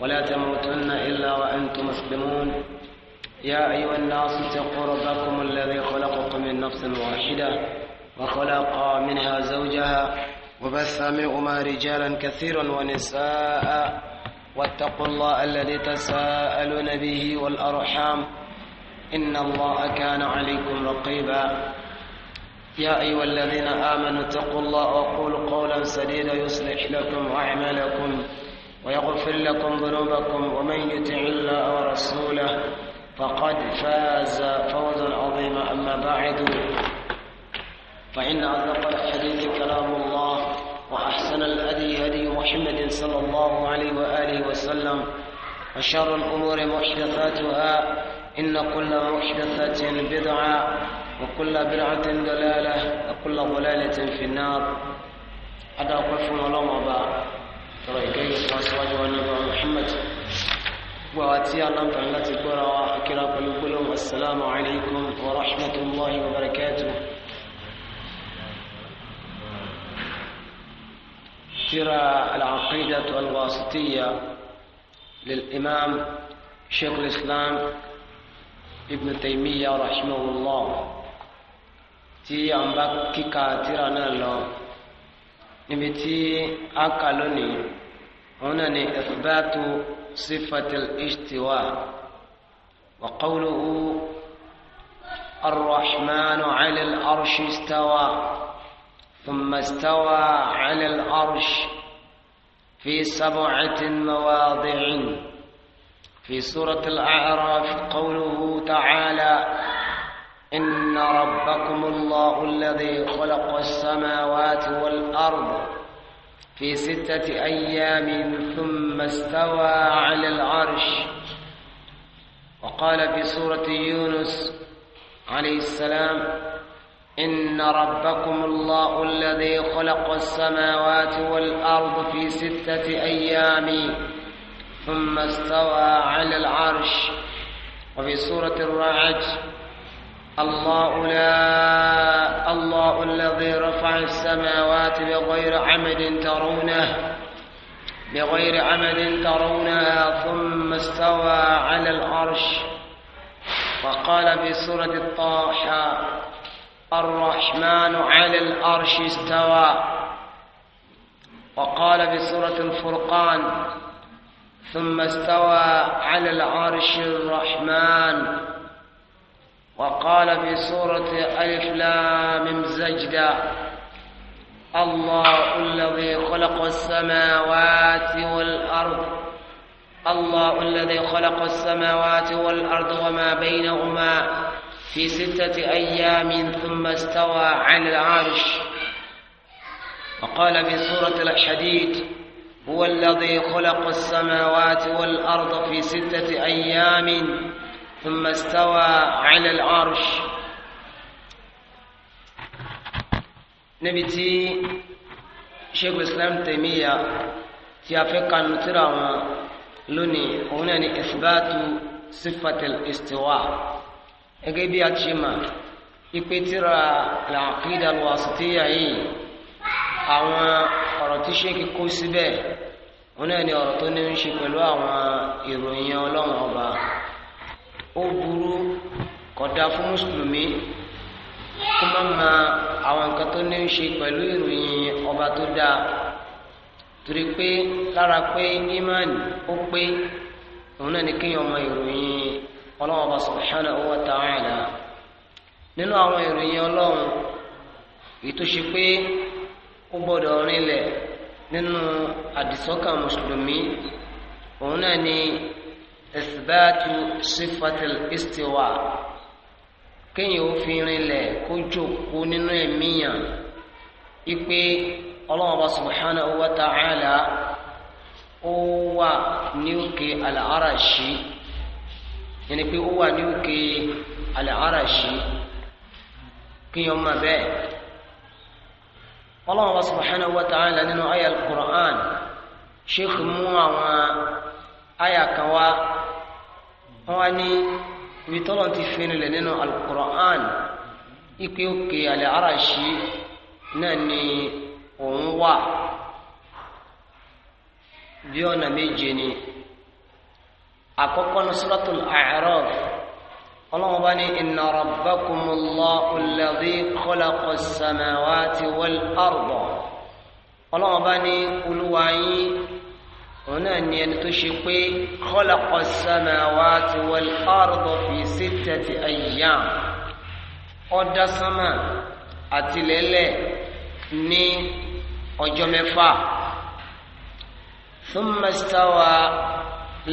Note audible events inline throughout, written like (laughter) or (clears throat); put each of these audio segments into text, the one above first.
ولا تموتن إلا وأنتم مسلمون يا أيها الناس اتقوا ربكم الذي خلقكم من نفس واحدة وخلق منها زوجها وبث منهما رجالا كثيرا ونساء واتقوا الله الذي تساءلون به والأرحام إن الله كان عليكم رقيبا يا أيها الذين آمنوا اتقوا الله وقولوا قولا سديدا يصلح لكم أعمالكم ويغفر لكم ذنوبكم ومن يطع الله ورسوله فقد فاز فوزا عظيما اما بعد فان اصدق الحديث كلام الله واحسن الهدي هدي محمد صلى الله عليه واله وسلم وشر الامور محدثاتها ان كل محدثه بدعه وكل بدعه ضلاله وكل ضلاله في النار هذا قف ولوم tọrọ síwájú wa nígbà Muhammad gbọ́ àti aláǹfààní láti gbọ́ra wa kíra pẹ̀lú gbólóhùn assalamu alaikum wa rahmatullahi wa barakatuh ترى العقيدة الواسطية للإمام شيخ الإسلام ابن تيمية رحمه الله تي أمبك كيكا ترى نالله نبتي أكالوني هنا إثبات صفة òun وقوله الرحمن على الأرش استوى ثم استوى على الأرش في سبعة مواضع في سورة الأعراف قوله تعالى إن ربكم الله الذي خلق السماوات والأرض في ستة أيام ثم استوى على العرش وقال في سورة يونس عليه السلام إن ربكم الله الذي خلق السماوات والأرض في ستة أيام ثم استوى على العرش وفي سورة الرعج الله لا الله الذي رفع السماوات بغير عمد ترونه بغير عمد ترونها ثم استوى على العرش وقال في سورة الطاحة الرحمن على العرش استوى وقال في سورة الفرقان ثم استوى على العرش الرحمن وقال في سورة ألف لام زجدا الله الذي خلق السماوات والأرض الله الذي خلق السماوات والأرض وما بينهما في ستة أيام ثم استوى عن العرش وقال في سورة الحديد هو الذي خلق السماوات والأرض في ستة أيام ثم استوى على العرش نبتي شيخ الإسلام تيمية تيافق النترى لوني هنا إثبات صفة الاستواء أجيبي أتشيما ìpètìrà làkìdà lùwàsítìyà yìí àwọn ọ̀rọ̀ tí ṣéèkì kó síbẹ̀ wọn náà ní ọ̀rọ̀ tó ní í ṣe pẹ̀lú àwọn ìròyìn ọlọ́run ọba ó burú kódà fún mùsùlùmí kó má ma àwọn nǹkan tó ní í ṣe pẹ̀lú ìròyìn ọba tó dáa torí pé lára pé imáàni ó pé òun náà ní kéèyàn mọ ìròyìn ọlọ́wọ́n ọba subhanahu wa ta'ala nínú àwọn ìròyìn ọlọ́run èyí tó ṣe pé ó gbọ́dọ̀ rinlẹ̀ nínú mùsùlùmí òun náà ithbatu sifatil istiwa kéèyàn ó fi rinlẹ̀ kó jókòó nínú ẹ̀míyàn ipe ọlọ́run ọba subhanahu wa ta'ala ó wà ní òkè al-arashi yẹni pé ó wà ní òkè al-arashi kéèyàn má bẹ́ẹ̀ ọlọ́run ọba subhanahu wa ta'ala nínú ayé al-Qur'an sheikh mú àwọn ayé kan wá wọ́n wá ní ibi tọ́lọ̀ ti fi rinlẹ̀ nínú alukur'an ipe òkè àlẹ́ arashi náà ni òun wà bí ọ̀nà méje ni àkọ́kọ́ ní suratul A'raf ọlọ́run bá ní inna rabbakumullahu alladhi khalaqa as-samawati wal arda ọlọ́run bá ní olúwa yín òun náà ni ẹni tó ṣe pé khalaqa as-samawati wal arda fi sittati ayyam ọ̀dá sánmà àtìlẹ́lẹ̀ ní ọjọ́ mẹ́fà thumma istawa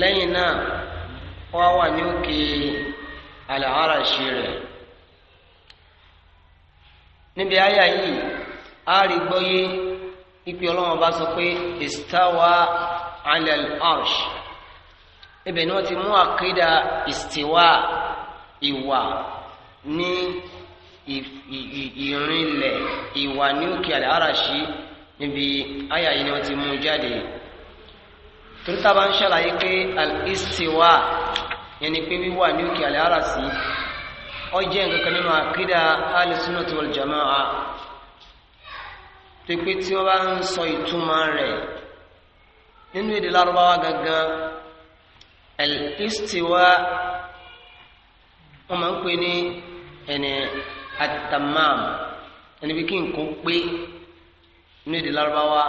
lẹ́yìn náà wá wà ní òkè al-arashi rẹ̀ níbi àyà yìí a rí gbọ́yé ipe ọlọ́wọ́n bá sọ pé istawa ala al-arsh ibẹ̀ ni wọ́n ti mú àkídà ìstìwá ìwà ní ìrìnlẹ̀ ìwà ní òkè al-arashi níbi àyà yìí ni wọ́n ti mú jáde torí tá a bá ń ṣàlàyé pé al-istiwa yẹn ni pé wíwà ní òkè al-arashi jẹ́ nǹkan nínú àkídà al-sunnah jama'a pé tí wọ́n bá ń sọ ìtumọ̀ rẹ̀ nínú èdè lárúbáwá gangan al-istiwa wọ́n máa ń pè ní ẹni atamam ẹni bí kí n kó pé nínú èdè lárúbáwá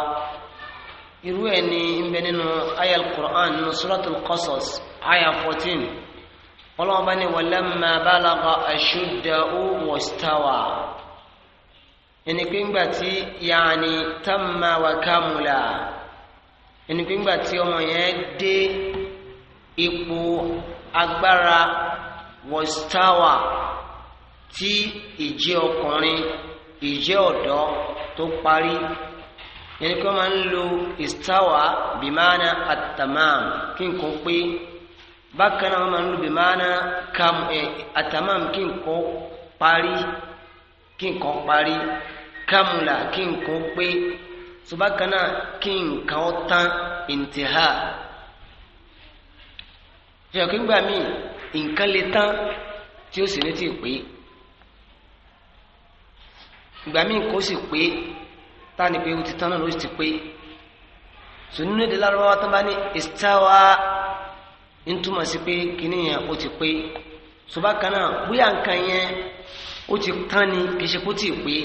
irú ẹni ń bẹ nínú aya al-Qur'an nínú suratul Qasas aya fourteen ọlọ́wọ́n bá ní walamma balagha ashuddahu wastawa ẹni pé ńgbà tí yaani tamma wa kamula ẹni pé ńgbà tí ọmọ yẹn dé ipò agbára wọ́stáwà tí ìjẹ́ ọkùnrin ìjẹ́ ọ̀dọ́ tó parí yẹn kí wọ́n máa ń lo ìstáwà bìmánà àtàmàm kí nǹkan pé bákan náà wọ́n máa ń lo bìmánà kam ẹ̀ eh, atamam kí nǹkan parí kí nǹkan parí kámùlà kí nǹkan pé ṣùgbọ́n kan náà kí nǹkan ó tán ìntìhà fi hàn kí gbà mí nǹkan lè tán tí ó sì ní tí ì pé ìgbà míì kó sì pé tá a ní pé ó ti tán náà ló sì ti pé sùn nínú èdè lárúbáwá tó bá ní ìsítáwá ń túmọ̀ sí pé kíní yẹn ó ti pé ṣùgbọ́n bóyá nǹkan yẹn ó ti tán ni kì í ṣe kó tí ì pé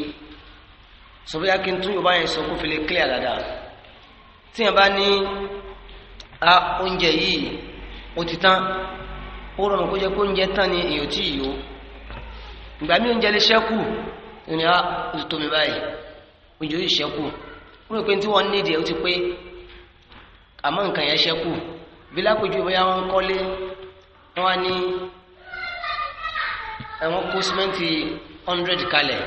sọ́bíyá kí n tún yorùbá yẹn sọ kó fi clear dáadáa tí yẹn bá ní a oúnjẹ yìí ó ti tán ó rọrùn kó jẹ́ kó oúnjẹ tán ni èyàn tí yìí ó ìgbà mí oúnjẹ lè ṣẹ́kù ní a ó ti tó mi báyìí oúnjẹ yìí ṣẹ́kù ó rò pé tí wọ́n nídìí ó ti pé àmọ́ nǹkan yẹn ṣẹ́kù bí lápèjú bóyá wọ́n kọ́lé wọ́n á ní ẹ̀wọ̀n kó símẹ́ǹtì hundred kalẹ̀.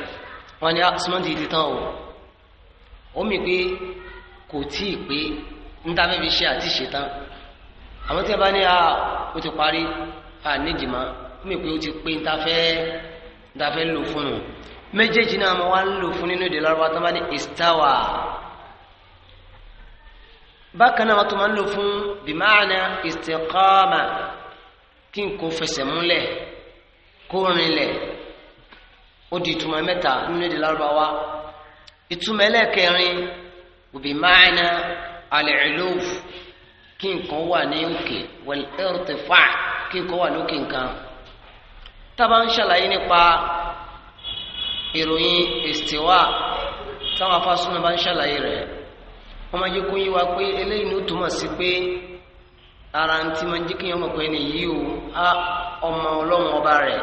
wọ́n ní ah, símẹ́ǹtì ti tán o ó mì pé kò tí ì pé ń tá fẹ́ fi ṣe àti ṣetán àwọn tí a bá ní a ah, ó ti parí a nídìí mọ́ ó mì pé ó ti pé ń tá fẹ́ ń tá fẹ́ lò fún un méjèèjì náà wọ́n wá ń lò fún nínú èdè lọ́rọ́ tó bá ní istawa bákan náà wọ́n tún máa ń lò fún bimáàna kí n kò fẹsẹ̀ múlẹ̀ kó rinlẹ̀ Odi di ìtumọ̀ mẹ́ta nínú èdè lárúbáwá ìtumọ̀ ẹlẹ́ẹ̀kẹrin òbí máàna al-uluf kí nǹkan wà ní òkè wal-irtifa' kí nǹkan wà lókè nǹkan tábà ń ṣàlàyé nípa ìròyìn istiwa táwọn afásúnà bá ń ṣàlàyé rẹ̀ wọ́n máa jẹ́ kó yí wa pé eléyìí ló túmọ̀ sí pé ara ń tí máa ń jẹ́ kí wọ́n mọ̀ pé ẹni yìí o ọmọ ọlọ́run ọba rẹ̀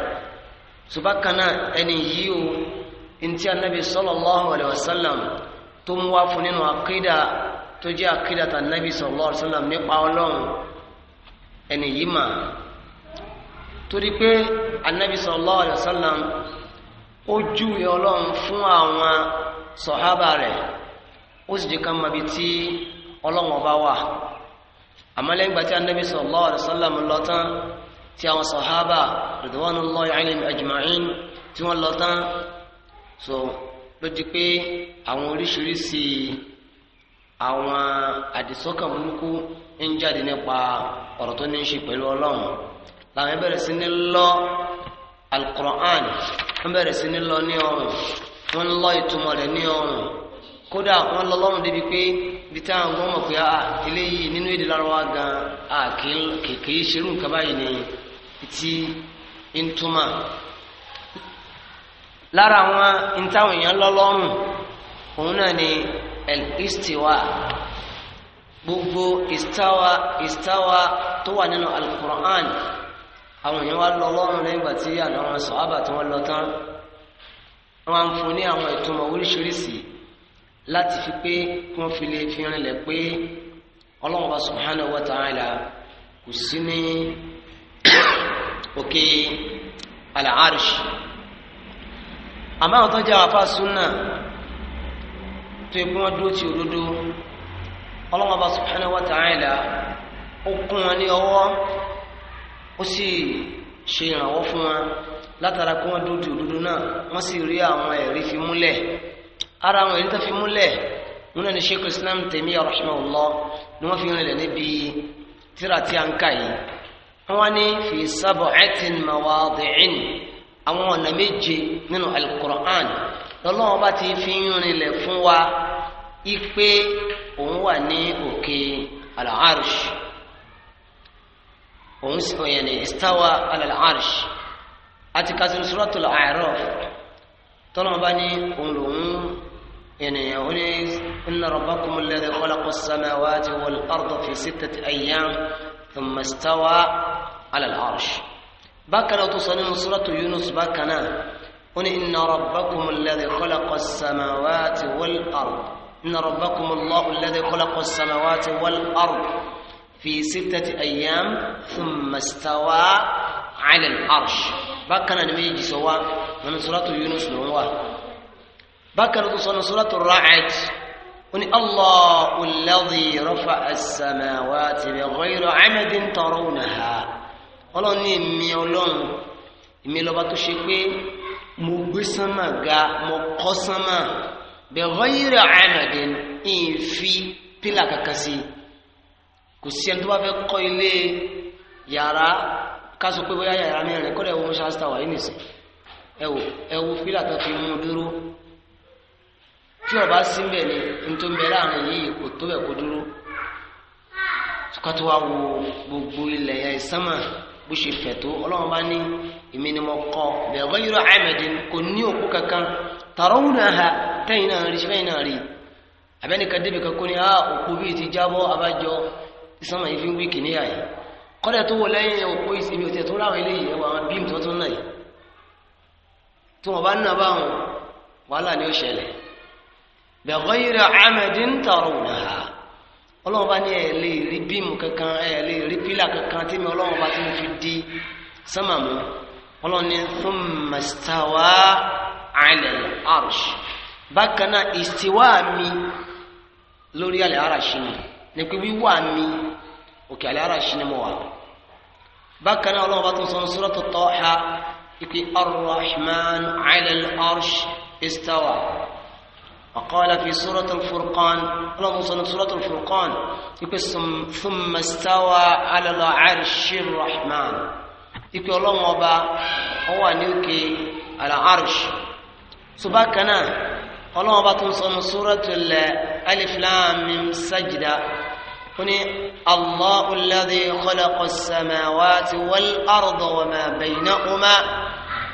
subakana ẹni yìí o ntí annabi sallallahu alayhi wasallam sallam tó mú wá fún nínú akídà tó jẹ́ akídà tà anabi sallallahu alayhi wasallam sallam nípa ọlọ́run ẹni yìí mà torí pé anabi sallallahu alayhi wasallam sallam ó júwe ọlọ́run fún àwọn sọ̀hábà rẹ̀ ó sì jẹ́ ká mọ̀ bí tí ọlọ́run ọba wà àmọ́ lẹ́yìn gbà tí anabi sallallahu alayhi wasallam lọ tán. tí àwọn sọ̀hábà ridwanullahi alaihim ajma'in tí wọ́n lọ tán so ló di pé àwọn oríṣiríṣi àwọn àdìsọ́kàn burúkú ń jáde nípa ọ̀rọ̀ tó ní í ṣe pẹ̀lú ọlọ́run làwọn bẹ̀rẹ̀ sí ní lọ alukur'an wọ́n bẹ̀rẹ̀ sí ní lọ ní ọrùn wọ́n lọ ìtumọ̀ rẹ̀ ní ọrùn kódà wọ́n lọ lọ́rùn débi pé bí táwọn gbọ́n mọ̀ pé ah, eléyìí nínú èdè lárúbáwá gan-an ah, kì í ṣerú nǹkan báyìí ni tí ń túmọ̀ lára àwọn ìtawọ̀ èèyàn lọ́lọ́rùn òun náà ni al-istiwa gbogbo istawa istawa tó wà nínú al-Qur'an àwọn èèyàn wá lọ lọ́rùn lẹ́yìn ìgbà tí àwọn sọ̀hábà tí wọ́n lọ tán wọ́n á ń fún ní àwọn ìtumọ̀ oríṣiríṣi láti fi pé kí wọ́n fi lè fi rinlẹ̀ pé Ọlọ́run bá subhanahu wa ta'ala kò sí ní òkè alàárìṣì àmọ́ àwọn tó jẹ́ àwọn afáàsùn náà tó yẹ kí wọ́n dúró ti òdodo ọlọ́wọ́n bá subhanahu wa ta'ala ó kún wọn ní ọwọ́ ó sì ṣe ìrànwọ́ fún wọn látara kí wọ́n dúró ti òdodo náà wọ́n sì rí àwọn ẹ̀rí fi múlẹ̀ ara àwọn ẹ̀rí tó fi múlẹ̀ nínú ẹni Sheikh Islam Taymiyya rahimahullah ni wọ́n fi rìnlẹ̀ níbi tíra tí a ń kà yìí wọ́n ní fi sab'atin mawadi'in àwọn ọ̀nà méje nínú alukur'an lọ́lọ́wọ́n bá ti fi ń rinlẹ̀ fún wa ipe òun wà ní òkè al-arsh òun sì òyìn ní istawa ala al-arsh àti kásìrì suratul A'raf bá ní òun lòun يعني أوليس إن ربكم الذي خلق السماوات والأرض في ستة أيام ثم استوى على العرش بكنا تصنين سورة يونس بكنا قل إن ربكم الذي خلق السماوات والأرض إن ربكم الله الذي خلق السماوات والأرض في ستة أيام ثم استوى على العرش بكنا نميجي سوا من سورة يونس نوا بكنا تصنين سورة الرعد قل الله الذي رفع السماوات بغير عمد ترونها ọlọ́run ní èmi ọlọ́run èmi lọ́ba tó ṣe pé mo gbé ga mo kọ́ sánmà bẹ̀rọ yìí ànàdé ń fi pílà kankan sí kò sí ẹni tó bá fẹ́ kọ́ ilé yàrá káṣọ pé bóyá yàrá mẹ́rin kọ́ lẹ́wọ́ wà nínú ọba ni ń bẹ láàrin yìí kò tó bẹ̀ kó dúró wo bó ṣe fẹ̀ tó ọlọ́run bá ní èmi ni mo kọ́ bẹ̀rẹ̀ yúrọ ahmedin kò ní òkú kankan tarawunaha tẹ́yìn náà rí ṣẹ́yìn náà rí abẹ́nìkan débi kankan ní ah, òkú bíi ti jábọ́ abájọ ìsánmà yìí fi ń wí kìnìyà yìí kọ́dẹ̀ tó wọ lẹ́yìn òkú ìsinmi òtẹ̀ tó ráwọn eléyìí ẹwà àwọn bíìmù tó tún náà yìí tí bá ń nàbà wọn wàhálà ni ó ṣẹlẹ̀ bẹ̀rẹ̀ yúrọ ahmedin tarawunaha ọlọ́run bá ní ẹ̀ lè rí bíìmù kankan ẹ̀ lè rí pílà kankan tí mi ọlọ́run bá ti mo fi di sánmà mú ọlọ́run ní thumma istawa ala al-arsh bákan náà ìsìwá mi lórí àlẹ́ àràṣì mi ní pé wíwá mi òkè àlẹ́ àràṣì ni mo wà bákan náà ọlọ́run bá tún sọ suratu Taha ìpè ar-Rahman ala al-arsh وقال في سورة الفرقان اللهم صل سورة الفرقان يقسم ثم استوى على العرش الرحمن يقول اللهم وبا هو نيوكي على عرش سبحانه اللهم وبا تنصن سورة الألف لام من سجدة هنا الله الذي خلق السماوات والأرض وما بينهما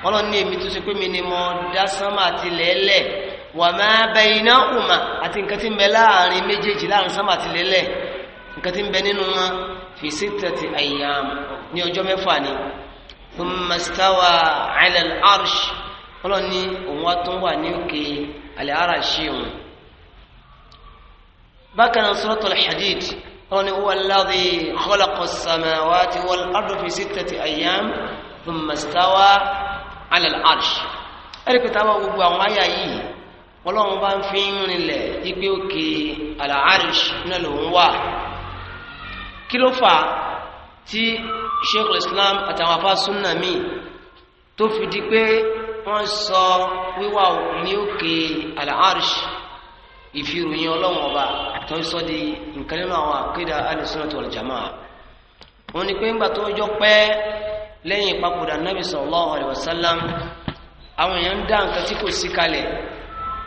قالوا ني متسكو مينيمو داسما تليلي wa ma baynahuma àti nǹkan tí ń bẹ láàrin méjèèjì láàrin sámà ti lélẹ̀ nǹkan tí ń bẹ nínú wọn fi sittati ayyam ní ọjọ́ mẹ́fà ni thumma stawa ala al-arsh ọlọ́run ní òun wá tó ń wà ní òkè àlẹ́ àràṣì òun bákan náà suratul hadid ọlọ́run ní huwa alladhi khalaqa as-samawati wal-arda fi sittati ayyam thumma stawa ala al ẹ̀rí pé gbogbo àwọn àyà yìí ọlọ́run bá ń fi ń rinlẹ̀ ipe òkè alaharish náà lòun wà kí ló fà tí sheikh islam àtàwọn afásúnà míì tó fi di pé wọ́n sọ wíwà ní òkè alaharish ìfiròyìn ọlọ́run ọba tó ń sọ di nǹkan nínú àwọn àkéda alìsúnàtò ọ̀lùjàmá wọn ni pé ńgbà tó jọ pẹ́ lẹ́yìn ìpapòdà nabi sallallahu alaihi wasallam àwọn èèyàn ń dá nǹkan tí kò sí kalẹ̀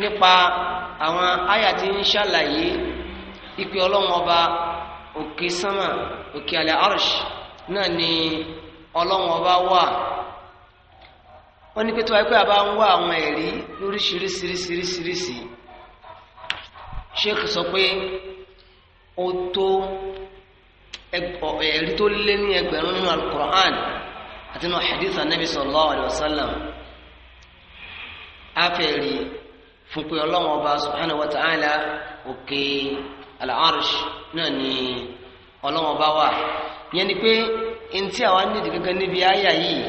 nípa àwọn àyà tí ń ṣàlàyé ìpè ọlọ́run ọba òkè sánmà òkè àlẹ́ arsh náà ni ọlọ́run ọba wà wọ́n ní pé tó wáyé pé àbá ń wá àwọn ẹ̀rí lóríṣiríṣiríṣiríṣi sheikh sọ pé ó tó ẹ̀rí tó lé ní ẹgbẹ̀rún nínú alukur'an àti nínú hadith anabi sallallahu alayhi wa sallam afẹ́rí fún pé ọlọ́run ọba subhanahu wa ta'ala òkè al-arsh náà ni ọlọ́run ọba wà yẹn ni pé ntí àwa nídìí gẹ́gẹ́ níbi àyà yìí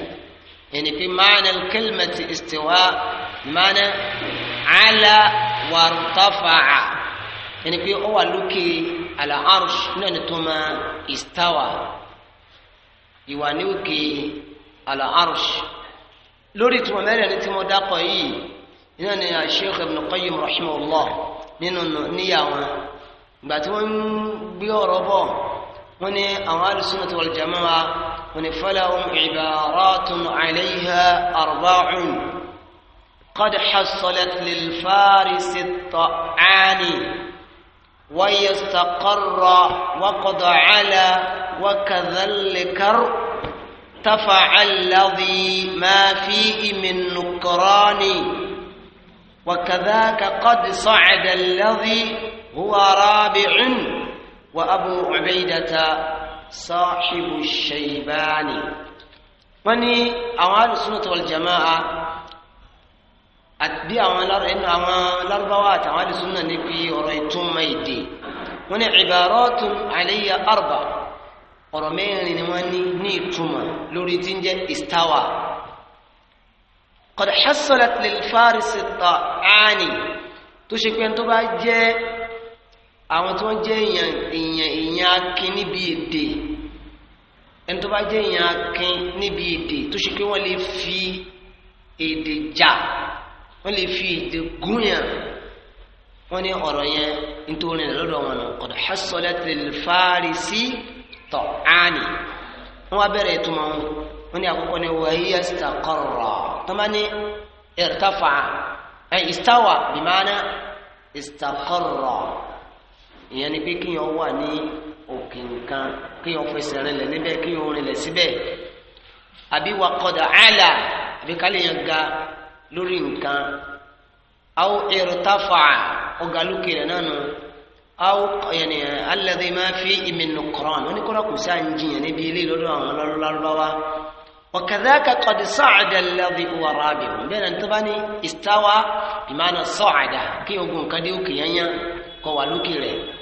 yẹn ni pé ma'na al-kalimati istiwa ma'na ala wartafa'a yẹn ni pé ó wà lókè al náà ni tó máa istawa ìwà ní òkè al-arsh lórí ìtumọ̀ mẹ́rin ni tí mo dákọ̀ yìí. iná ni Sheikh Ibn Qayyim rahimahullah nínú níyàwó ìgbà tí wọ́n ń gbé ọ̀rọ̀ bọ̀ wọ́n ní àwọn al-sunnah wal jamaa'ah wọ́n ní falahum ibaratun alayha arba'un qad hassalat lil farisi at-ta'ani وهي استقر وقد على وكذا الكر تفعل الذي ما فيه من نكران وكذاك قد صعد الذي هو رابع وأبو عبيدة صاحب الشيبان وني أوان سنة والجماعة أتبع أوانار إن أوانار بوات أوان سنة نبي وريتم ميدي وني عبارات علي أربع ورمين لنواني نيتم لوريتين جن استوى قد حصلت للفارس الطعاني tó ṣe pé tó bá jẹ́ àwọn tí wọ́n jẹ́ èèyàn èèyàn èèyàn akin níbi èdè ẹni tó bá jẹ́ èèyàn akin níbi èdè tó ṣe pé wọ́n lè fi èdè jà wọ́n lè fi èdè gúnyàn wọ́n ní ọ̀rọ̀ yẹn nítorí lọ́dọ̀ wọn nù qad hassalat lil-farisi ta'ani wọ́n wá bẹ̀rẹ̀ ìtumọ̀ wọn ní àkọ́kọ́ ní wa hiya istaqarra tamani irtafa ẹn istawa bimana istakọrọ ìyẹn ni pé kíyàn wà ní òkè nǹkan kíyàn fẹsẹ̀ rinlẹ̀ níbẹ̀ kíyàn rinlẹ̀ síbẹ̀ àbí wà kọdà àlà àbí kálíyàn ga lórí nǹkan aw irtafa ọgá lókè rẹ̀ náà nù aw yẹn alẹ́ dè máa fi ìmìnú kọ́ran oníkọ́ra kò sáà ń jiyàn níbi ilé lọ́dọ̀ àwọn lọ́lọ́lọ́wọ́. وكذاك قد صعد الذي هو رابع بين انتباني استوى بمعنى صعد كي يقول كديو كيانيا كوالوكي لي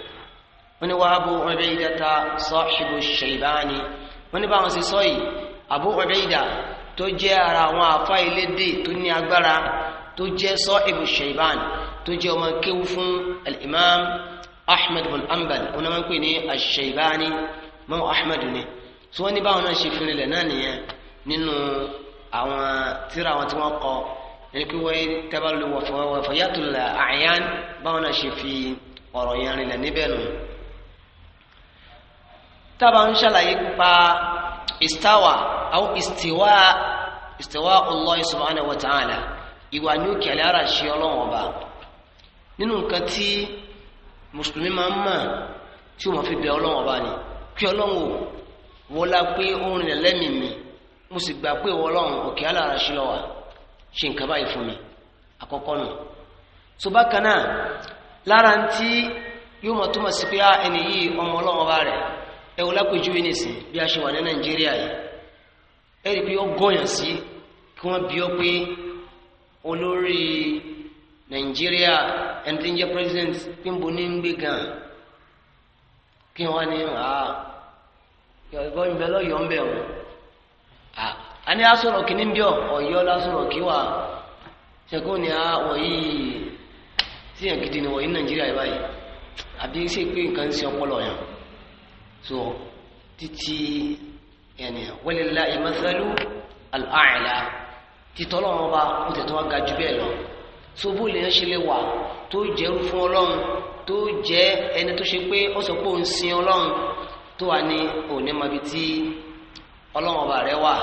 من وابو عبيدة صاحب الشيباني من بان سيسوي أبو عبيدة توجي أرى وافاي لدي تني أكبر توجي صاحب الشيبان توجي ومن كيوف الإمام أحمد بن أنبل ونمن كويني الشيباني مو أحمد ني سواني باونا شفري لنا نيه nínú àwọn tíra àwọn tí wọ́n kọ ẹni pé wọ́n tẹ́bàlú wọ̀fọ̀ yàtò là àyàn báwọn náà ṣe fi ọ̀rọ̀ yẹn rìnlẹ̀ níbẹ̀ nù. tábà ń ṣàlàyé pa istawa àwọn istiwa istawa Allah subhanahu wa ta'ala ìwà ní òkè àlẹ́ ara ṣe ọlọ́run ọba nínú nǹkan tí mùsùlùmí máa ń mọ̀ tí ó fi bẹ ọlọ́run ọba ni kí ọlọ́run wọlá pé ó rìnlẹ̀ lẹ́mìí mi mo sì gbà pé ìwọ Ọlọ́run òkè alára ṣe lọ wà ṣe nǹkan báyìí fún mi àkọ́kọ́ nù tó bákan náà lára ń tí yóò mọ̀ túmọ̀ sí pé ah, ẹni yìí ọmọ Ọlọ́run ọba rẹ̀ ẹ wò lápèjúwe nìsín bí a ṣe wà ní Nàìjíríà yìí ẹ rí i pé ó gọ̀yàn sí kí wọ́n bí ọ pé olórí Nàìjíríà ẹni tí ń jẹ́ president pínbó ní gbé gan kí wọ́n ní ah, ọ̀hún ìbẹ́lọ́ yọ̀ ń bẹ̀ wọ́n a ní asọ̀rọ̀ kìíní ń bí ọ ọ̀yọ́ lásọ̀rọ̀ kí wà ṣẹ̀kọ́ ni a wọ̀nyí síyàn gidi ni wọ̀nyí nàìjíríà yìí báyìí àbí ṣe pé nǹkan ọpọlọ yàn so titi yani, walillahi mathalu al-a'la títọ́ lọ́wọ́ bá ó tẹ̀ tó wá ga jù bẹ́ẹ̀ lọ so bó lè yẹn ṣe lè wà tó jẹ́rú fún ọlọ́run tó jẹ́ ẹni tó ṣe pé ó pé òun sin ọlọ́run tó wà ní òní mọ̀bí tí ọlọ́run ọba rẹ wà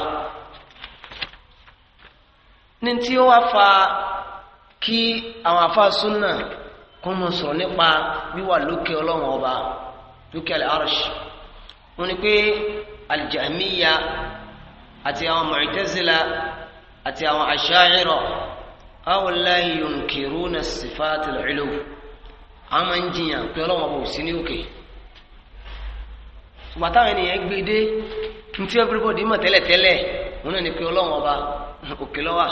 ní tí ó wá fa kí àwọn afa súnà kún mọ sọ̀rọ̀ nípa wíwà lókè ọlọ́run ọba lókè al-arsh wọn ni pé al-Jahmiyya àti àwọn Mu'tazila àti àwọn Asha'ira awolayi yunkiruna sifati al-ulu àwọn máa ń jiyàn pé ọlọ́run ò sí ní òkè ṣùgbọ́n táwọn ènìyàn gbé dé ntí everybody mọ̀ tẹ́lẹ̀tẹ́lẹ̀ wọn náà ní pé ọlọ́run ọba òkè lọ́wà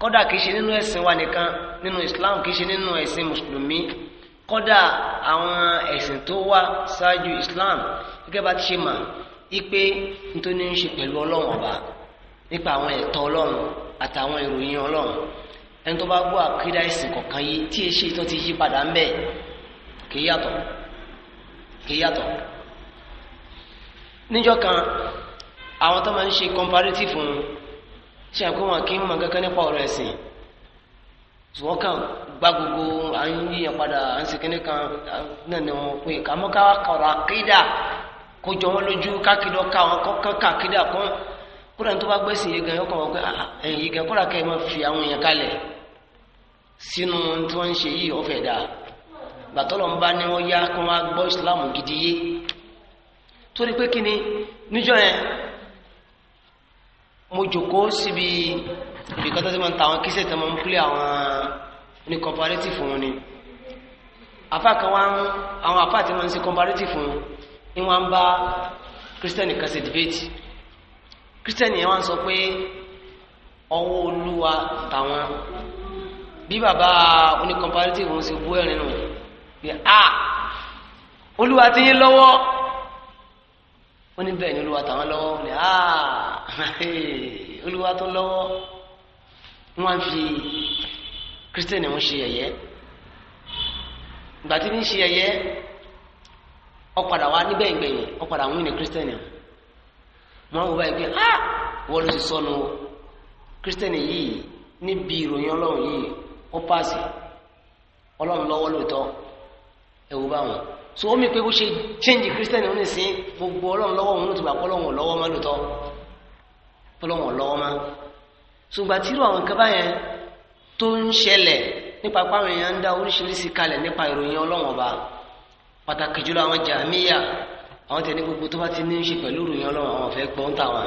kọ́dà kìí ṣe nínú ẹ̀sìn wa nìkan nínú Islam kìí ṣe nínú ẹ̀sìn mùsùlùmí kọ́dà àwọn ẹ̀sìn tó wá ṣáájú Islam gẹ́gẹ́ bá ti ṣe mà ipe nítorí ń ṣe pẹ̀lú ọlọ́run ọba nípa àwọn ẹ̀tọ́ ọlọ́run àtàwọn ìròyìn ọlọ́run ẹni tó bá gbọ́ àkídá ẹ̀sìn kọ̀ọ̀kan yìí tí èṣe tó ti yí padà ń bẹ̀ kìí yàtọ̀ kìí yàtọ̀ níjọ́ kan àwọn tó máa ń ṣe comparative fún ṣe àpò wọn kì í mọ kankan nípa ọ̀rọ̀ ẹ̀sìn wọ́n kàn gba gbogbo à yíyan padà à ń ṣe kíní kan náà ni pè ká àkídà kó jọ wọn lójú ká wọn tó bá yìí gan yóò pé gan máa fi àwọn èèyàn sínú tí ń ṣe gidi yìí torí pé kí ni níjọ́ yẹn mo jòkó síbi ìbìkan tó ti máa ń ta àwọn kíṣẹ́ tó máa ń pílé àwọn ní comparative wọn ni àfáà kan wá àwọn àfáà tí wọ́n ń ṣe comparative wọn ni wọ́n ń bá kírísítẹ́nì kan ṣe debate kírísítẹ́nì yẹn wọ́n sọ pé ọwọ́ olúwa tàwọn bí bàbá oní comparative ṣe bú ẹ̀rín nù pé a ah, olúwa ti yín lọ́wọ́. wọ́n ní bẹ́ẹ̀ ni olúwa tàwọn lọ́wọ́ ni ah, (laughs) olúwa tó lọ́wọ́ wọ́n fi kírísítẹ́nì wọn ṣe yẹ̀yẹ́ ìgbà tí ṣe yẹ̀yẹ́ ó padà wá nígbẹ̀yìngbẹ̀yìn ó padà wọ́n kírísítẹ́nì wọn wọ́n báyìí pé ah wọ́n ló ti sọnù kírísítẹ́nì yìí níbi ìròyìn so mi pé bó ṣe change christian ní onísìn gbogbo ọlọ́run lọ́wọ́ òun ló ti gbà pọ́lọ́wọ̀n lọ́wọ́ má lóòótọ́ pọ́lọ́wọ̀n lọ́wọ́ má so gbà tírú àwọn nǹkan báyẹn tó ń ṣẹlẹ̀ nípa páwọn èèyàn ń dá oríṣiríṣi kalẹ̀ nípa ìròyìn ọlọ́run ọba pàtàkì jùlọ àwọn jàmíyà àwọn tẹ̀lé gbogbo tó bá ti ní í ṣe pẹ̀lú ìròyìn ọlọ́run àwọn ọ̀fẹ́ gbọ́n táwọn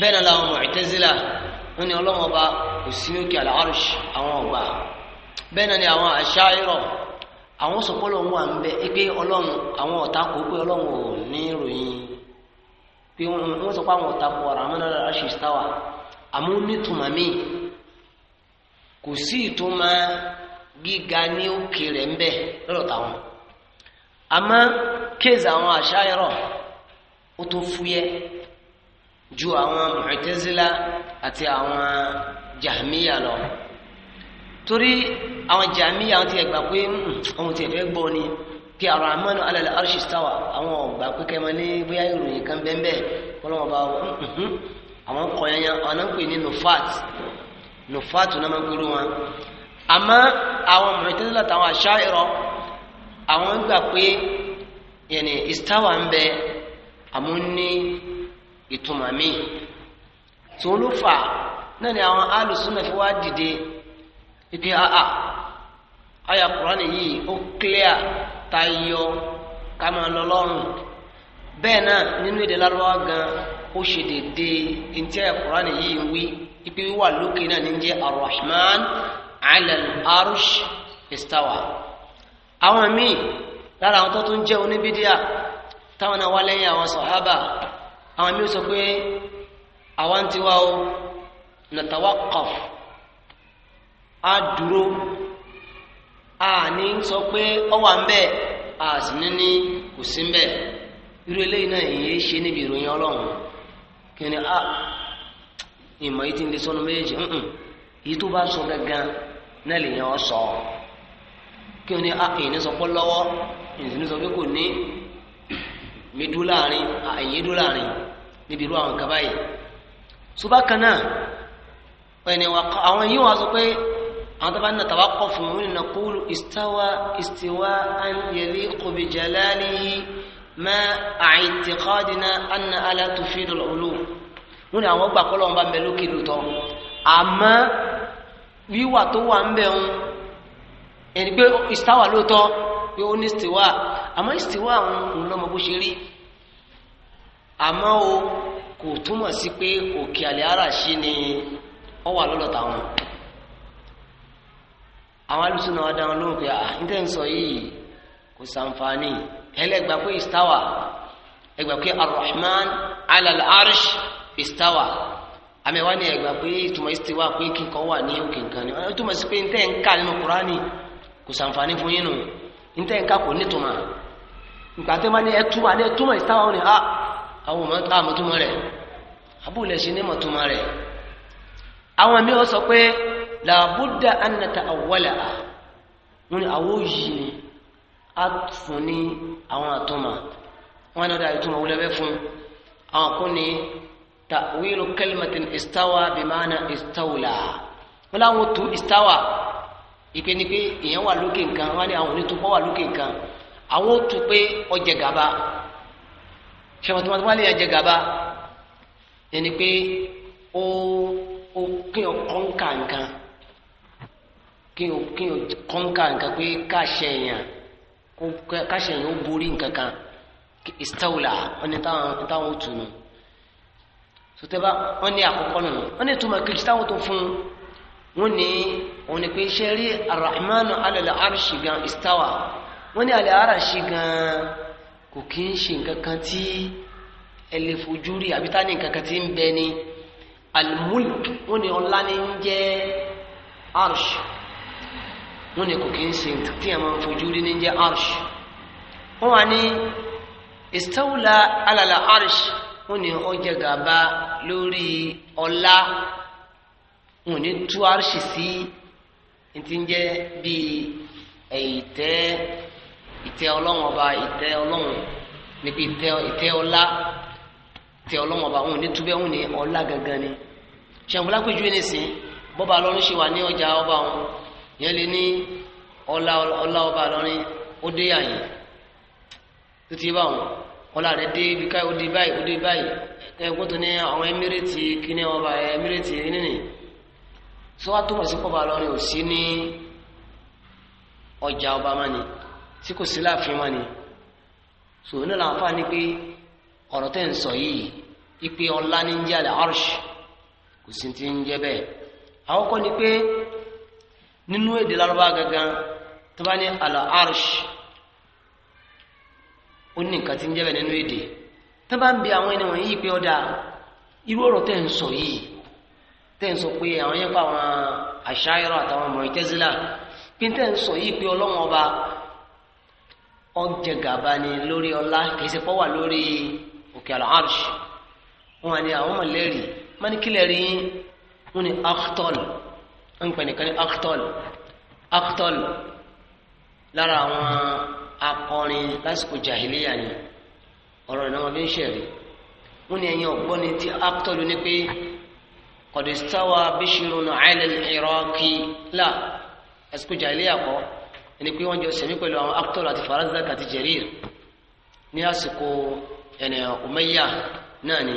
bẹ́ẹ̀ náà làwọn Mu'tazila wọn ni ọlọ́run ọba kò sí ní òkè àlàárùsì àwọn ọ̀gbà bẹ́ẹ̀ náà ni àwọn Asha'ira àwọn sọpọ́lọ̀ wọn à ń bẹ pé ọlọ́run àwọn ọ̀tá kò pé ọlọ́run ò ní ìròyìn pé wọ́n sọ pé àwọn ọ̀tá kò ọ̀rọ̀ àmọ́nà aṣọ ìsítáwà àmọ́ nítumọ̀ míì kò sí ìtumọ̀ gíga ní òkè rẹ̀ ń bẹ lọ́dọ̀ táwọn àmọ́ kéèzì àwọn àṣà ẹ̀rọ ó tó fúyẹ́ ju àwọn Mu'tazila àti àwọn Jahmiya lọ torí àwọn jàmíyà àwọn ti ẹ̀gbà pé ọmọ hmm, ti ẹ̀fẹ́ gbọ́ ni kí Ar-Rahmanu ala al-Arshi istawa àwọn ọ̀gbà pé kẹmọ ní bóyá ìròyìn kan bẹ́ẹ̀ kọ́lọ́mọba hmm, hmm, àwọn kọ̀ọ̀yàn àwọn náà ń pè ní nufat nufat náà máa ń gbúrú wọn àmọ́ àwọn Mu'tazila àtàwọn Asha'ira àwọn gbà pé yẹnì istawa ń bẹ àmú ní ìtumọ̀ míì tó ló fà náà ni àwọn alùsùn náà fi wá dìde ìdí àà àyà kùránì yìí ó clear tayọ ká máa lọ lọ́rùn bẹ́ẹ̀ náà nínú èdè lárúbáwá gan ó ṣe déédéé ntí àyà kùránì yìí ń wí ipe wíwà lókè náà ní jẹ́ arrahman alal arush istawa àwọn míì lára àwọn tó tún jẹ́ oníbídíà táwọn náà wá lẹ́yìn àwọn sàhábà àwọn míì sọ pé àwọn tiwa o nàtàwákọ̀fù. A dúró a ní sọ pé ọ ń bẹ a sì ní ní kò sí ń bẹ irú eléyìí náà èyí ṣe níbi ìròyìn ọlọ́run kí a ah, ìmọ̀ yìí ti ń lè sọnù méjì nǹkan yìí tó bá sọ gangan náà lè yàn ọ sọ kí ni a ah, èyí ní sọ pé lọ́wọ́ èyí ní sọ pé kò ní mi dúró láàrin èyí dúró láàrin níbi irú àwọn kaba yìí ṣùgbọ́n kan náà àwọn yìí wọ́n sọ pé àwọn tó bá nà tàwákọ̀ fún mi nà kúlù istawa istiwa an yaliqu bi jalalihi ma àìtìkọ́dínà anna ala tufidu al-ulum wọn ni àwọn gbà kọ́ lọ́wọ́ bá ń bẹ lókè lóòótọ́ àmọ́ wíwà tó wà ń bẹ ń ẹni pé istawa lóòótọ́ pé ó ní istiwa àmọ́ istiwa ń lọ́mọ bó ṣe rí o kò túmọ̀ sí pé òkè àlẹ́ ara ṣí ni ọ wà lọ́dọ̀ àwọn alùsùn náà dáhùn lóhùn pé à ah, ń tẹ́ ń sọ yìí kò sàǹfààní ẹlẹ́gbà pé istawa ẹgbà pé arrahman alal arsh istawa àmẹ́wá ni ẹgbà pé ìtumọ̀ istawa pé kí nǹkan wà ní òkè nǹkan ni ó túmọ̀ sí pé ń tẹ́ ń kà nínú kúránì kò sàǹfààní fún yín nù ń tẹ́ ń kà kò nítumọ̀ nígbà tẹ́ máa ní ẹtúmọ̀ ní ẹtúmọ̀ istawa ah, wọn ni a àwọn àmọ̀túmọ̀ rẹ̀ abúlé ṣe ní mọ̀túmọ̀ rẹ̀ àwọn mi ò sọ làbúdà ànàtà àwọlà wọn ni àwọ yìí ni a fún ní àwọn àtọmà wọn náà dàbí tún àwùlẹ̀ bẹ́ fún àwọn kún ní ta'wilu kalimatin istawa bí máa na istawla wọn làwọn tó istawa ìpè ni pé èèyàn wà lókè nǹkan wọn ni àwọn onítúbọ wà lókè nǹkan àwọn ó pé ọjẹ gàba ṣèwọ̀n tí gàba yẹn pé ó ó kí ọkọ̀ ń nǹkan kí o kí o kọ́ńkà nǹkan pé káṣẹ èèyàn káṣẹ èèyàn ó borí nǹkan kan ìsítàwùlà wọn ni táwọn táwọn tù nù sọtẹ́bá wọn ní àkọ́kọ́ nù wọn ní ìtumọ̀ kejì táwọn tó fún wọn ní òun ni pé ṣe rí arahmanu alẹ́lẹ́ arṣi gan ìsítàwà wọn ní alẹ́ arṣi gan kò kí ń ṣe nǹkan kan tí ẹ lè fojú rí àbí tá ní nǹkan kan tí ń bẹ ni almulk wọn ní ọlá ní ń jẹ́ arṣi wọn ni kò kí ń sin tí a máa ń fojú rí ní jẹ́ arsh wọn wà ní istawla ala arsh wọn ni ó jẹ gàba lórí ọlá wọn ni tú arsh sí ti ń jẹ́ bíi ìtẹ́ ìtẹ́ ọlọ́run ọba ìtẹ́ ọlọ́run níbi ìtẹ́ ọlá tẹ ọlọ́wọ́n ọba òun ní túbẹ̀ òun ní ọlá gangan ni ṣàǹfọ̀lá péjú ní sìn bọ́ba lọ́run ṣe wà ní ọjà ọba òun yẹn lè ní ọlá ọlá ọba lọrin ó dé àyè tó ti bá wọn ọlá rẹ dé ibi káyọ ó dé báyìí ó dé báyìí ẹgbẹ́ tó ní àwọn emireti kíní ọba emireti nínú sọ wá túmọ̀ sí kọba lọrin ò sí ní ọjà ọba mani tí kò sí láàfin mani so ní làwọn afa ni pé ọ̀rọ̀ tẹ́ ń sọ yìí ipe ọlá ní ń jẹ́ àlẹ́ arsh kò sí ti ń jẹ́ bẹ́ẹ̀ àwọn kọ́ ni pé. ninu nwee de gangan n'o baa ga ga tabanị ala aarish ọ n'i kate n'i njabe n'i nwee de tabanị bịa onye na ma ị yi kpe ya ọ daa iroorio tè nsọ yi té nsọ kpe ya ọ onye kọ awo na a sàáyọrọ a ta n mụrụ n'i te zi la i yi kpe ya ọ lọ n'oge ọ n'i lori ya ọ laa lori ya ọ kpe ala aarish ọ nwanne ọ maleri ọ nwanne kilaara ihe ń pè nìkan ní Akhtal Akhtal lára àwọn akọrin lásìkò jahiliya ni ọ̀rọ̀ ìnáwó bí ń ṣẹ̀rí wọ́n ní ẹ̀yin ọ̀gbọ́n ni ti Akhtal ní pé kọ̀dìstáwà bishirun ala iraqi là lásìkò jahiliya kọ́ ẹni pé wọ́n jọ sẹ̀mí pẹ̀lú àwọn Akhtal àti Farazdak àti Jarir ní àsìkò ẹ̀nà Umayya náà ni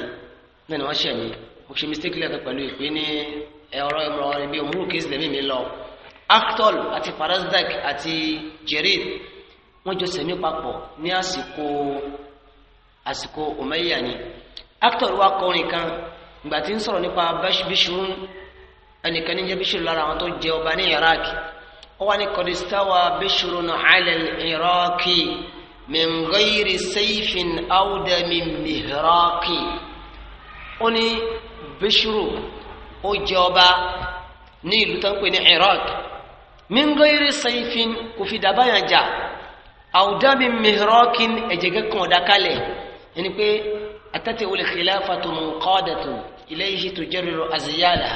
náà ni wọ́n ṣẹ̀mí mo ṣe mistake lẹ́ẹ̀kan pẹ̀lú ìpín ní ẹ̀rọ ìmọ̀ràn rẹ̀ bí òmùrù kí ìsìlẹ̀ mímí lọ actol àti parasdec àti jerid wọ́n jọ sẹ̀mí papọ̀ ní àsìkò àsìkò Umayya ni actol wa kọrin kan ìgbà tí ń sọ̀rọ̀ nípa bishirun ẹnìkan níjẹ́ bishirun lára àwọn tó jẹ ọba ní Iraq ó wá ní kọ́dísítáwà bishirun ala al-Iraqi min ghayri sayfin aw ó ní bishirun ó jẹ ọba ní ìlú tó ń pè ní Iraq min ghairi sayfin kò fi dàbáyà jà àwùdábí mihrakin ẹ̀jẹ̀gẹ́ kan ọ̀dà kalẹ̀ ẹni pé atati wuli khilafatu munqadatu ilayhi tujarriru aziyala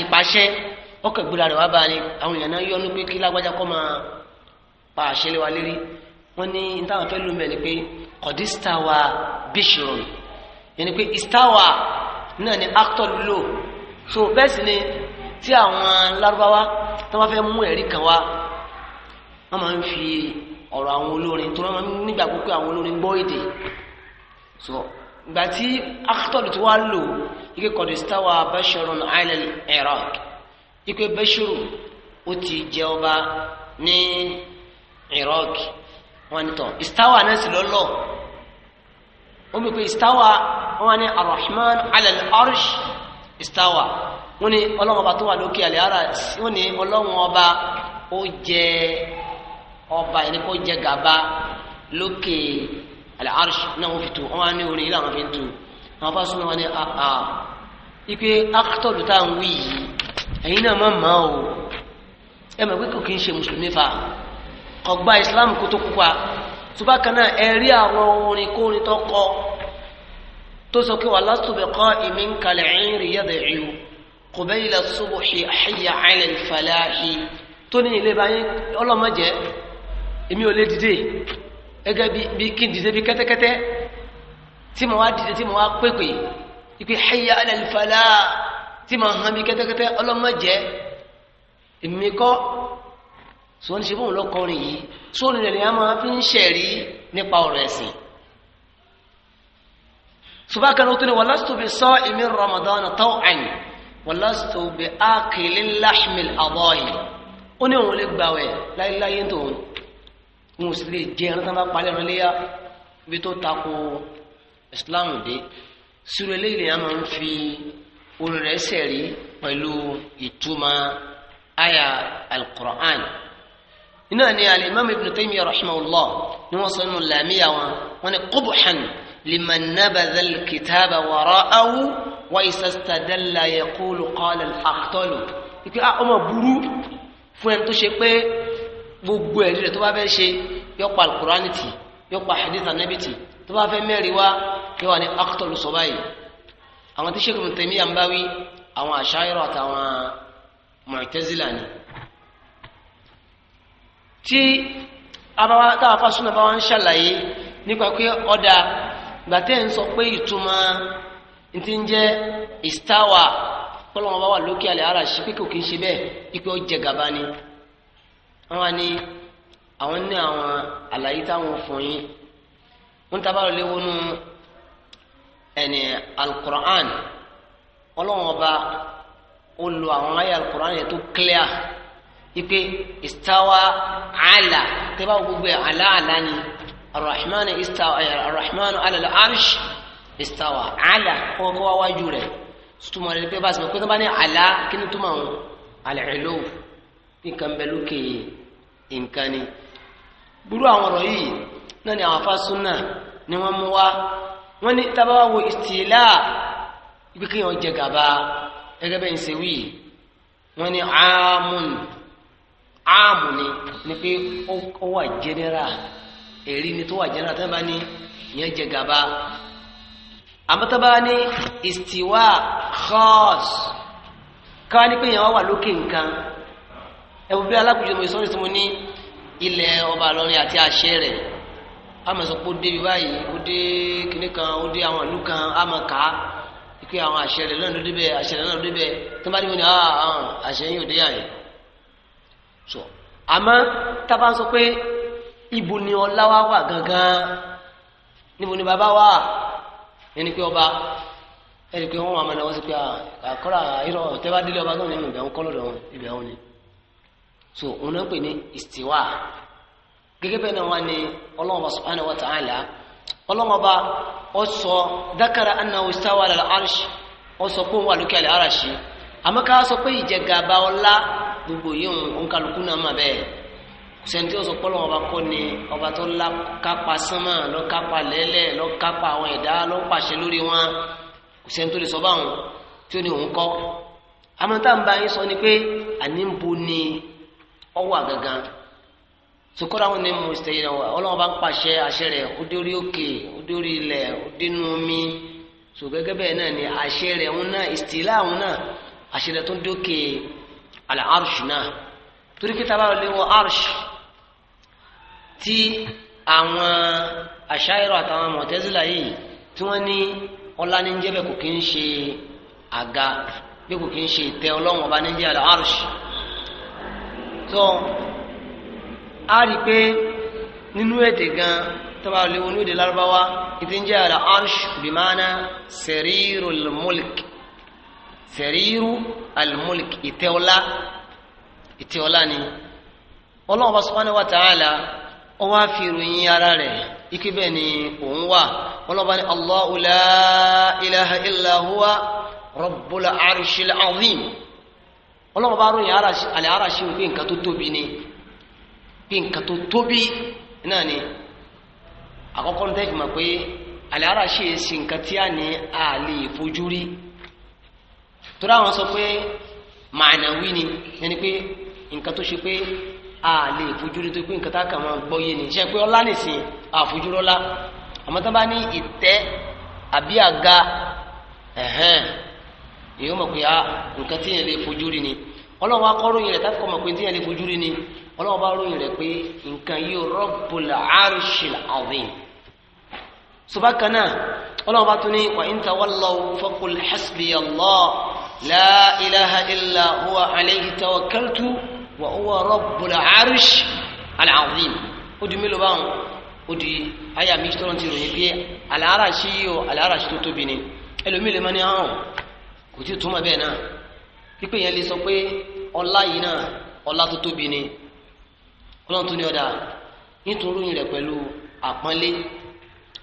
ìpàṣẹ ọkọ̀ ìgbéra rẹ̀ wá bá ní àwọn èèyàn náà yọ́nú pé kí lágbájá kọ́ máa pa àṣẹ lé wa lérí wọ́n ní nítawọn fẹ́ lómi ẹ̀ ni pé qadistawa bishrun yẹn ni pé istawa náà ni actor lò so bẹ́ẹ̀ sì ni tí àwọn lárúbáwá tó bá fẹ́ mú ẹ̀rí kan wá wọ́n máa ń fi ọ̀rọ̀ àwọn olórin tó máa ń pé àwọn olórin gbọ́ èdè so ìgbà tí actor tó wá lò ike kọ̀dùsítáwà bashirun island iraq ike bashiru ó ti jẹ ọba ní iraq wọn ni tọ istawa náà sì lọ́lọ́ ó mi pe istawa wọ́n ní arahman alal arsh istawa wọ́n ní ọlọ́run ọba tó wà lókè àlẹ́ ara wọ́n ní ọlọ́run ọba ó jẹ ọba yẹn kó jẹ gàba lókè àlẹ́ arsh náà wọ́n fi tu wọ́n ní orin ilé àwọn fi ń tu àwọn bá súnmọ́ wọn ní àà ah, ah. ipe akitọ́lù tá à ń wí yìí ẹ̀yin náà má mọ̀ ọ́ ẹ mọ̀ pé kò kí ń ṣe mùsùlùmí fa kọ̀gbá islam kó tó kópa tó bá kan náà ẹ àwọn orin kórin tó kọ́ tó sọ pé walastu bi qa'imin kal-'ayri yad'u qabla as-subhi hayya 'ala al-falahi tó ní ilé báyìí ọlọ́mọdé èmi ò lè dìde gẹ́gẹ́ bí kí n dìde bí kẹ́tẹ́kẹ́tẹ́ tí mo wá dìde tí mo wá pèpè ìpè hayya 'ala al-falah tí mo hàn bí kẹ́tẹ́kẹ́tẹ́ ọlọ́mọdé èmi kọ́ sọ ṣe fún òun lọ́kọrin yìí sóòrùn rẹ̀ ni a máa fi ń ṣẹ̀rí nípa ọ̀rọ̀ ẹ̀sìn ṣùgbọ́n kan ó tún ní walastu bi sa'imi Ramadan taw'an walastu bi akili lahmil adha'i ó ní òun lè gbàwẹ̀ láyéláyé tó ń sì lè jẹ ẹran tó bá palẹ̀ ẹran léyà ibi tó tako Islam dé sùrù eléyìí lèyàn máa ń fi orin rẹ̀ sẹ̀rí pẹ̀lú ìtumọ̀ àyà al iná ni al Ibn Taymiyyah rahimahullah ni wọ́n sọ nínú làmíyà wọn wọ́n ní لمن نبذ الكتاب وراءه وإذا استدل يقول قال الأخطل ìpé ọmọ burú fún ẹni tó ṣe pé gbogbo ẹ̀rí rẹ̀ tó bá fẹ́ ṣe yọpa alukurani tì yọpa hadith anabi tì tó bá fẹ́ mẹ́rin wá yọ wà ní akutọlu sọ báyìí àwọn tí sèkùn tèmi à ń báwí àwọn àṣàyọrọ àtàwọn mọ̀tẹ́zìlà ni. tí abawa táwọn afásúnà bá wọn ń ṣàlàyé nípa pé ọ̀dà gbàtẹ́ ń sọ pé ìtumọ̀ ti ń jẹ́ ìstáwà kọ́lọ́wọ́n bá wà lókè àlẹ́ ara ṣí pé kò kí ń ṣe bẹ́ẹ̀ ipe ó gàba ni wọ́n ní àwọn ní àwọn àlàyé táwọn fún yín wọ́n tábà lè wọnú ẹni alukur'an ọlọ́wọ́n bá ó lo àwọn ayé alukur'an yẹn tó clear ipe ìstáwà àlà tẹ́ bá gbogbo ẹ̀ àlà àlà ni arahman istawa eh, arahman alal arsh istawa ala kọ́ kọ́ wájú rẹ̀ túmọ̀ rẹ̀ pé báṣọ pé tó bá ní àlá kí ni túmọ̀ àwọn àlẹ́ẹ̀lò nǹkan bẹ lókè nǹkan ni burú àwọn ọ̀rọ̀ yìí náà ni àwọn afásúnà ni wọ́n mú wá wọ́n ní tábàwá wo ìstìlá ibi kí wọ́n jẹ gàba gẹ́gẹ́ bẹ́ẹ̀ ń ṣe wí wọ́n ní ààmù ààmù ni ni pé ó wà jẹ́nẹ́rà èrí ni tó wà jẹ́ náà tó bá ní ìyẹn jẹ gàba àmọ́ tó bá ní istiwa khas káwá ní pé èèyàn wà lókè nǹkan ẹ̀wù bí alákùnjọ mi sọ́ọ́rì tí mo ní ilẹ̀ ọba àlọ́rin àti àṣẹ rẹ̀ àmọ̀ sọ pé ó dé bí báyìí ó dé kinní kan ó dé àwọn ìlú kan àmọ̀ ká pé àwọn àṣẹlẹ náà ló débẹ̀ àṣẹlẹ náà ló débẹ̀ tó bá débẹ̀ ni àwọn àṣẹ yìí ò dé àyè so àmọ́ tábà ń sọ pé ibu ni ọlá wa wà gangan níbo ni bàbá wà ẹni ọba ẹni pé wọn wà mọnà wọn sì pé ah, àkọlà irọ́ tẹbá délé ọba ni so òun náà pè ní gẹ́gẹ́ bẹ́ẹ̀ náà sẹ́ni tí ó sọ pọ́lọ́ ọba kọ́ ni ọba tó la kápá sánmà lọ kápá lẹ́lẹ̀ lọ kápá àwọn ẹ̀dá lọ pàṣẹ lórí wọn kò sẹ́ni tó lè sọ báwọn tí ó ní òun kọ́ amọ́tá ń bá yín sọ ni pé àní ni ọwọ́ àgàgàn sukura wọn ni mo ṣe yẹn wa ọlọ́wọ́n bá ń pàṣẹ àṣẹ rẹ̀ ó dé orí òkè ó dé orí ilẹ̀ ó dé nu omi so gẹ́gẹ́ bẹ́ẹ̀ náà ni àṣẹ rẹ̀ òun náà ìsìtìlá òun náà àṣẹ rẹ̀ tó ń dé òkè àlà arṣ náà torí kí tábà lè wọ arṣ tí àwọn àṣàyẹ̀rọ àtàwọn mọ̀tẹ́sílà yìí tí wọ́n ní ọlá ní jẹ́bẹ̀ kò kí ń ṣe àga bí kò kí ń ṣe ìtẹ́ ọlọ́run ọba ní jẹ́ àlọ́ àrùsì tó a rí pé nínú èdè gan tọ́ba léwu ní èdè lárúbáwá ìdí ń jẹ́ àlọ́ àrùsì bìmánà sẹ̀ríìrù al-mulk sẹ̀ríìrù al ọlá ìtẹ́ ọlá ni ọlọ́run ọba subhanahu wa ta'ala wọ́n wá fi ìròyìn ara rẹ̀ ikú bẹ́ẹ̀ ni òun wà wọ́n lọ́ba ní Allahu la ilaha illa huwa rabbul arshil azim ọlọ́run bá ròyìn àlẹ́ ara ṣe pé nǹkan tó tóbi ni pé nǹkan tó tóbi náà ni àkọ́kọ́ ní tẹ́jú mọ̀ pé àlẹ́ ara ṣe nǹkan tí a ní a lè fojú rí torí àwọn sọ pé màánàwí ni ẹni pé nǹkan tó ṣe pé a lè fojúrí tó pé nǹkan tá a kà máa gbọ́ yé ni ṣe pé ọlá nìsín àfojúrọ́ lá àmọ́ tó bá ní ìtẹ́ àbí àga ẹ̀hẹ́n èyí mọ̀ pé a ah, nǹkan tí yẹn lè fojúrí ni ọlọ́run akọ́ròyìn rẹ̀ táfi kọ́ mọ̀ pé tí yẹn lè fojúrí ni ọlọ́run bá ròyìn rẹ̀ pé nǹkan yìí Rabbul Arshil Azim subakana ọlọ́run bá tún ní wa in tawallaw faqul hasbiyallah la ilaha illa huwa alayhi tawakkaltu wa huwa rabbul arish al-azim ó di mélòó báwọn ó di àyà mi tọ́lọ́ ti ròyìn pé al-arashi yìí o al-arashi tó tóbi ni ẹlòmíì lè máa kò tí ì túmọ̀ bẹ́ẹ̀ náà pípé yẹn lè sọ pé ọlá yìí náà ọlá tó tóbi ni ọlọ́run tó ní ọ̀dà nítorí yìí rẹ̀ pẹ̀lú àpọ́nlé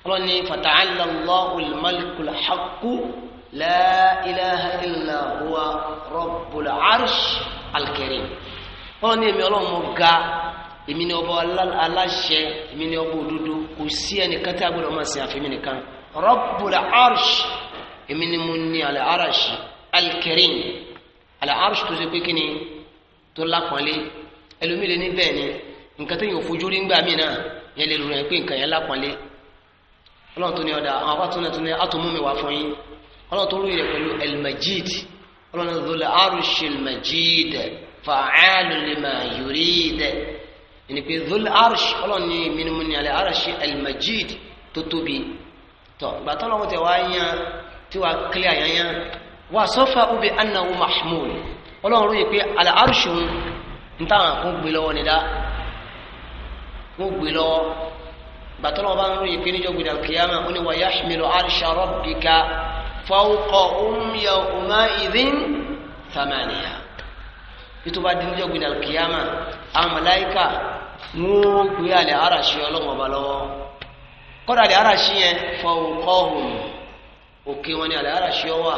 ọlọ́run ní fata'ala Allahul malikul haqqu la ilaha illa huwa rabbul ọlọ́run ní èmi ọlọ́run mo ga èmi ni ọba aláṣẹ èmi ni ọba òdodo kò sí ẹnìkan tí a gbọ́dọ̀ máa sin àfihàn nìkan Rabbul Arsh èmi ni mo ní alẹ́ Arsh al-Karim alẹ́ Arsh tó ṣe pé kí ni tó lápọ̀nlé ẹlòmíì lè ní bẹ́ẹ̀ ni nǹkan tó yẹ òfojú rí ńgbà mí náà yẹn lè ròyìn pé nǹkan yẹn lápọ̀nlé ọlọ́run tó ní ọ̀dà àwọn afá tó ní ẹtún ní mi wá fún yín ọlọ́run tó rú ilẹ̀ pẹ̀lú al-Majid ọlọ́run fa'alu lima yurid ẹni pé zul arsh ọlọ́run ní mímú ní alẹ́ arsh al-majid tó tóbi tọ́ ìgbà tó lọ́wọ́ tẹ wá yan tí wàá kílẹ̀ àyànyàn wà sọ́fà ubi annahu mahmud ọlọ́run ròyìn pé alẹ́ arsh ń táwọn kún gbé lọ́wọ́ nídá kún gbé lọ́wọ́ ìgbà tó lọ́wọ́ bá ń ròyìn pé níjọ́ gbèdà kìyàmà ó ní wa yahmilu arsha rabbika fawqahum yawma'idhin thamaniya bí tó bá di níjọ́ gbìyànjú kìyàmà àwọn màláíkà wọ́n gbé àlẹ́ aráṣí ọlọ́wọ́n ọba lọ́wọ́ kọ́dà àlẹ́ aráṣí yẹn fawqahum òkè wọn ni àlẹ́ aráṣí ọ wà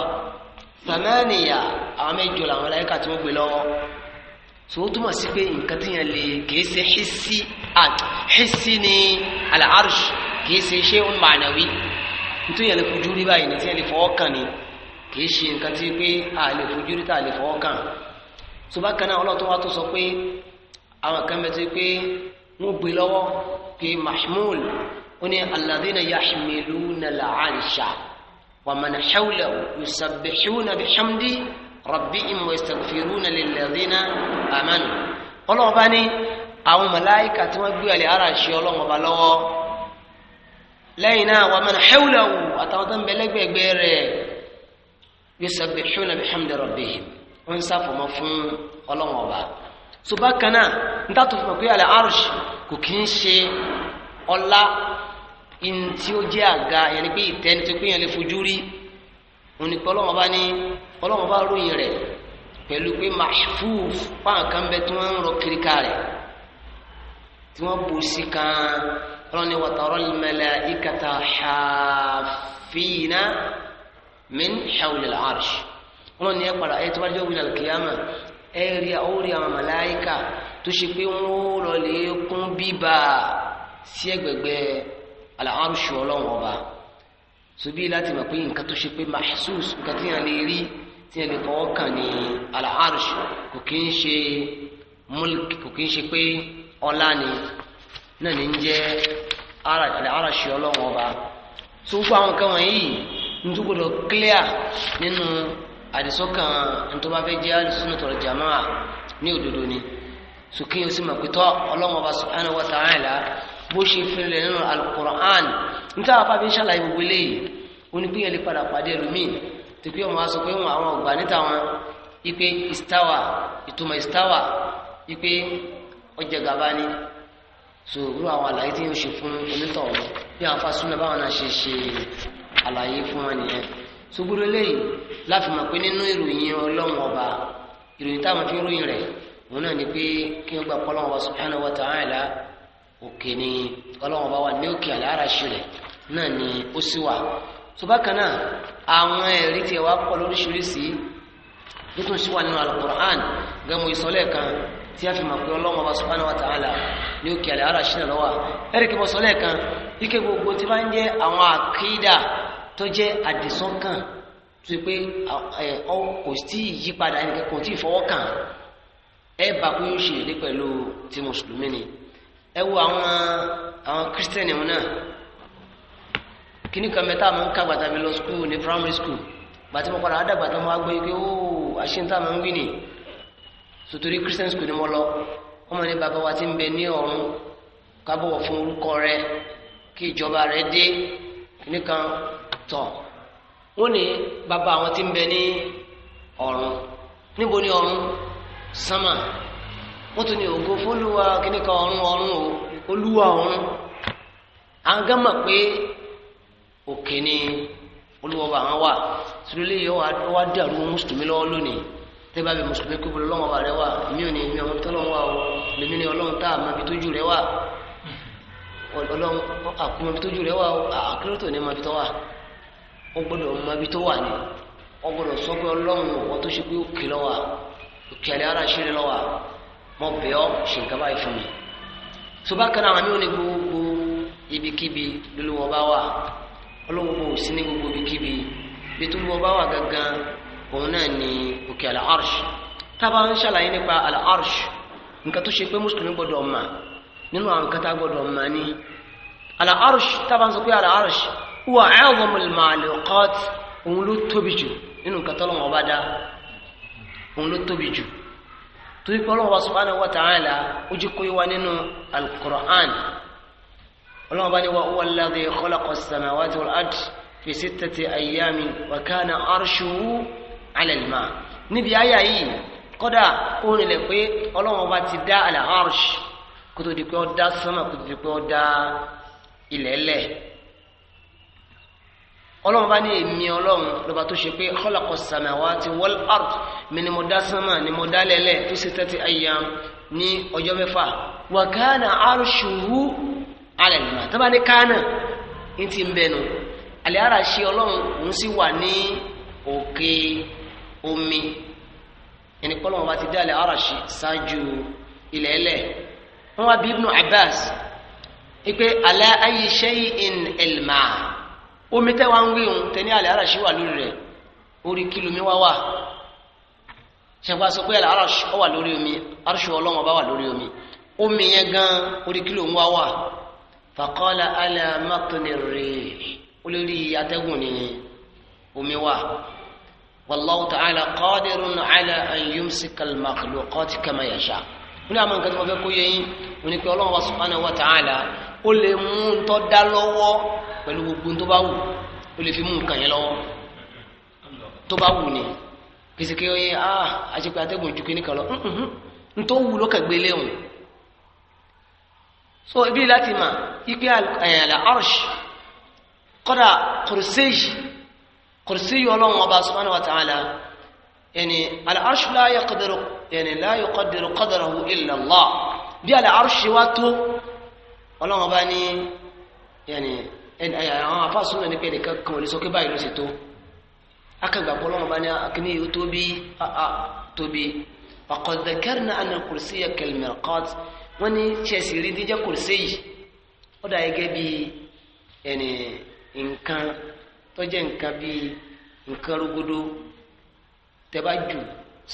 sàmẹ́nìyà àwọn mẹ́jọ làwọn màláíkà tí wọ́n gbé lọ́wọ́ so ó túmọ̀ sí pé nǹkan tí yẹn lè kìí ṣe hissi at ah, hissi ni àlẹ́ aráṣí kìí ṣe ṣé ń ma'nawi nítorí yẹn lè fojú rí báyìí ní yẹn lè fọwọ́ kàn ní kìí ṣe nǹkan tí pé à fojú rí tà tó bá kan náà ọlọ́tún wa tó sọ pé àwọn kan bẹ tó pé wọ́n gbé lọ́wọ́ pé mahmul ó ní alladhina yahmiluna al-arsha wa man hawlahu yusabbihuna bihamdi rabbihim wa yastaghfiruna lilladhina amanu ọlọ́wọ́ bá ní àwọn màláíkà tí wọ́n gbé àlè ara ṣe ọlọ́wọ́ lọ́wọ́ lẹ́yìn náà wa man àtàwọn tó ń bẹ lẹ́gbẹ̀ẹ́gbẹ́ rẹ̀ yusabbihuna bihamdi rabbihim ń sàfọmọ fún ọlọ́wọ́n ọba so bákan náà níta tó fi mọ̀ pé àlẹ́ arsh kò kí ń ṣe ọlá ntí ó jẹ́ àga yẹn ni pé ìtẹ́ni tó pé yẹn lè fojú rí òun ni pé ọlọ́wọ́n ọba ní ọlọ́wọ́n ọba ròyìn rẹ̀ pẹ̀lú pé mahfuz fáwọn kan bẹ tí wọ́n ń rọ kiri rẹ̀ tí wọ́n bò sí kan ọlọ́run ni wàtàrọ́ al-malaikata haafina min hawlil arsh. wọn ni ẹ kpara ẹ tó bá jẹ́ òwúlẹ̀ ya ẹ rí ó rí àwọn màláìkà tó ṣe pé wọn ó lọ lè kún bíbà sí ẹgbẹ̀gbẹ́ aláhàrúṣù ọlọ́run ọba ṣubí láti mọ̀ pé nǹkan tó ṣe pé mahsus nǹkan tí yàn lè rí tí yàn lè fọwọ́ kàn ní kò kí ń ṣe kò kí ń ṣe pé ọlá ni náà ní ń jẹ́ aláhàrúṣù ọlọ́run ọba àdìsọ́kàn ntọ́ba fẹ́ jẹ́ alùsùnà tọ̀rọ̀ jàmáà ní òdodo ni sùkè ó sì mọ̀ pé tọ́ ọlọ́run ọba subhanahu wa ta'ala bó ṣe fẹ́rẹ̀ nínú alukur'an níta wàá fàbí ṣàlàyé gbogbo eléyìí onígbìyànjú padà pàdé ẹlòmíì tó pé ọmọ wa sọ pé wọn àwọn ọgbà níta wọn ipe istawa ìtumọ̀ istawa ipe ọjà gàba ni sòwúrò àwọn àlàyé tí yóò ṣe fún onítọ̀ọ̀rọ̀ bí àwọn afásúnà báwọn náà ṣe ṣe àlàyé fún wọn nìyẹn ṣùgbọ́n eléyìí láfi mọ̀ pé nínú ìròyìn ọlọ́run ọba ìròyìn táwọn fi ń ròyìn rẹ̀ òun náà ni pé kí wọ́n gba ọlọ́run ọba subhanahu wa ta'ala òkè ni ọlọ́run ọba wà ní òkè àlàáràṣì rẹ̀ náà ni ó sì wà ṣùgbọ́n kan náà àwọn ẹ̀rí tiẹ̀ wá pọ̀ lóríṣiríṣi tó tún sí wà nínú alukur'an gẹ́gẹ́ ìsọ̀lẹ̀ kan tí a fi mọ̀ pé ọlọ́run ọba subhanahu wa ta'ala ní òkè àlàáràṣì náà lọ́wọ́ tó jẹ́ àdìsọ́kàn tó yẹ pé kò tí ì yípadà ẹnìkan kò tí ì fọwọ́ kàn ẹ bá pé ó ṣe ìdí pẹ̀lú ti mùsùlùmí ni ẹ wo àwọn àwọn kírísítẹ́nì wọn náà kíní kan mẹ́ta máa ń ká gbàtà mi lọ skul ní primary school gbàtí mo padà ádàgbà tán mo wá gbé pé ó àṣìntà máa ń wí nì sotori christian school ni mo lọ wọ́n mọ̀ ní bàbá wa ti ń bẹ ní ọ̀run ká fún orúkọ rẹ kí ìjọba rẹ dé kíní kan tọ̀ wọ́n ní bàbá àwọn tí ń bẹ ní ọ̀run níbo ni ọ̀run sánmà wọ́n tún ní ògo fólúwa kíníkan ọ̀run ọ̀run o olúwa ọ̀run àǹgá mọ̀ pé òkè ni olúwa bá wọn wà sùlùlẹ̀ yìí wà dàrú mùsùlùmí lọ́wọ́ lónìí tẹ́lẹ̀ bá bẹ mùsùlùmí kó bolo lọ́wọ́ rẹ wà èmi ò ní èmi ọmọ tó wà o lèmi ní ọlọ́run tá a mọ ibi tójú rẹ wà ọlọ́run àkúmọ̀ ibi tójú rẹ wà o àkúrò tó ní mọ ibi tó wà. ó gbọdọ mọ ibi tó wà ní ó sọ pé tó ṣe pé ó ó ara mọ ṣe nǹkan báyìí fún mi. tó bá àwọn òní gbogbo ibikíbi lólu wọn bá wà ọlọ́run kò sí ní gbogbo ibikíbi bí tó wọn bá wà gangan òun náà ni òkè àlẹ́ arṣ tábà ń ṣàlàyé nípa àlẹ́ arṣ nǹkan tó ṣe pé mùsùlùmí gbọ́dọ̀ mà nínú àwọn nǹkan tá a gbọ́dọ̀ mà ní àlẹ́ arṣ tábà ń sọ pé wà a'zamul makhluqat òun ló tóbi jù nínú nǹkan tọ́lọ́wọ́n bá dá òun ló tóbi jù torí pé ọlọ́wọ́n bá subhanahu wa ta'ala ó jí kó wá nínú al-Qur'an ọlọ́wọ́n bá ní wa huwa alladhi khalaqa as-samawati wal-ard fi sittati ayyamin wa kana arshuhu 'ala al-ma' níbi àyà yìí kọ́dà ó nílẹ̀ pé ọlọ́wọ́n bá ti dá al-arsh kótó di pé ó dá sánmà kótó di pé ó dá ilẹ̀ ọlọ́run bá ní èmi ọlọ́run lọ́ba tó ṣe pé khalaqa samawati wal ard mi ni mo dá sánmà ni mo dá lẹ́lẹ̀ tó ṣe tẹ́tí ayam ní ọjọ́ mẹ́fà wa kana arshuhu ala al-ma tó ní kánà ń ti ń àlẹ́ ara ṣe ọlọ́run òun sì wà ní òkè omi ẹni kọ́ lọ́wọ́ bá ti dá àlẹ́ ara ṣe ṣáájú ilẹ̀ ẹlẹ̀ wọ́n wá bí Ibn Abbas wípé ala ayyi shay'in al-ma omi tẹ́wà ń wí òun tẹ́ní àlẹ́ ara ṣì wà lórí rẹ̀ orí kí lomi wá wà ṣẹ̀gbá sọ pé ara ṣọ́ wà lórí omi arṣọ ọlọ́wọ́n bá wà lórí omi omi yẹn gan orí kí lomi wá wà fàkọ́lá alẹ́ mọ́tòní rèé olórí atẹ́gùn ni omi wà wallahu ta'ala qadirun ala an yumsika al-makhluqati kama yasha ní àwọn nǹkan tí wọ́n fẹ́ kó yẹ yín òní pé ọlọ́run pẹ̀lú gbogbo tó bá wù ó lè fi mú nǹkan yẹn lọ́wọ́ tó bá wù ni kìsìkì ó ah àṣepẹ atẹ́gùn ju kìnnìkan lọ ntọ́ wù ló kẹ̀gbẹ́ léwu so ibi láti mà ipe àyànlá arsh kọ́dà kùrùsẹ́yì kùrùsẹ́yì ọlọ́run ọba subhanahu wa ta'ala yẹni al'arsh la yaqdiru yẹni la yuqaddiru qadrahu illa Allah bí al'arsh wa tó ọlọ́run ọba ní àwọn afásúnà ní pé nìkan kan ò lè sọ pé báyìí ló ṣe tó akẹgbàgbọ́ lọ́wọ́ bá ní akíní yóò tóbi tóbi faqad dhakarna anna al-kursiyya kal-mirqat wọ́n ní chẹ́sì rí díjẹ́ kùrìsí yìí ó dà gẹ́gẹ́ bí ẹni nǹkan tó jẹ́ nǹkan bí nǹkan rúgudu tẹ́bájú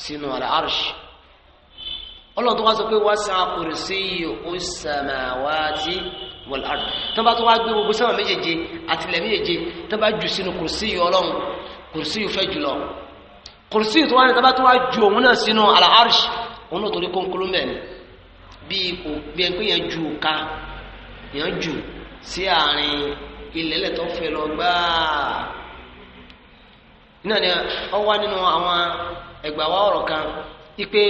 sínú al-arsh ọlọ́run tó wá sọ pé wasi'a kursiyyuhu as-samawati wal ard tó bá tó wá gbé gbogbo sánmà méjèèje àtìlẹ̀ méjèèje tó bá jù sínú kùrùsí yìí ọlọ́run kùrùsí yìí fẹ́ jùlọ kùrùsí yìí tó wá ní tó bá tó wá ju òun náà sínú al arsh òun náà torí kónkóló mẹ́rin bí kò bí ẹni pé yẹn ju òka yẹn jù sí àárín ilẹ̀lẹ̀ tó fẹ́ lọ gbáà náà ni ọ wá nínú àwọn ẹgbàá ọ̀rọ̀ kan ipe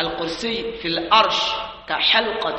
al fil arsh ka halqat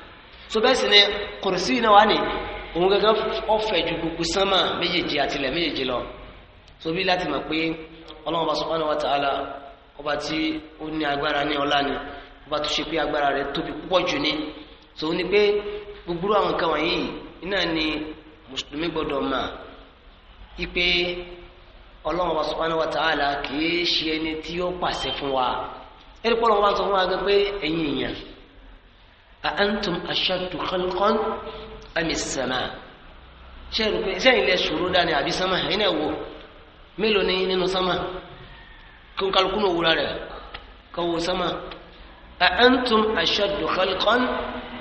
so bẹ́ẹ̀ sì ni kùrìsì náà wà ní òun gẹ́gẹ́ ọ̀fẹ́ ju gbogbo sánmà méjèèjì àtìlẹ̀ méjèèjì lọ so bí láti mọ̀ pé ọlọ́run ọba subhanahu wa ta'ala ọba tí ó ní agbára ní ọlá ni ọba tó ṣe pé agbára rẹ̀ tóbi púpọ̀ jù ni so ní pé gbogbo àwọn nǹkan wọ̀nyí iná ni mùsùlùmí gbọ́dọ̀ mà ipe ọlọ́run ọba subhanahu wa ta'ala kì í ṣe ẹni tí ó pàṣẹ fún wa ẹni pọ́lọ́run wa sọ fún wa gẹ́gẹ́ pé ẹ̀yin èèyàn àǹtùm aṣaddu khalqan àmì sàmà ṣe rò pé sẹ́yìn ilẹ̀ ṣòro dání àbí sánmà ẹ̀yìn ẹ̀wò mélòó ní nínú sánmà kí n kálukú náà wúra rẹ̀ kọwọ́ sánmà àǹtùm aṣaddu khalqan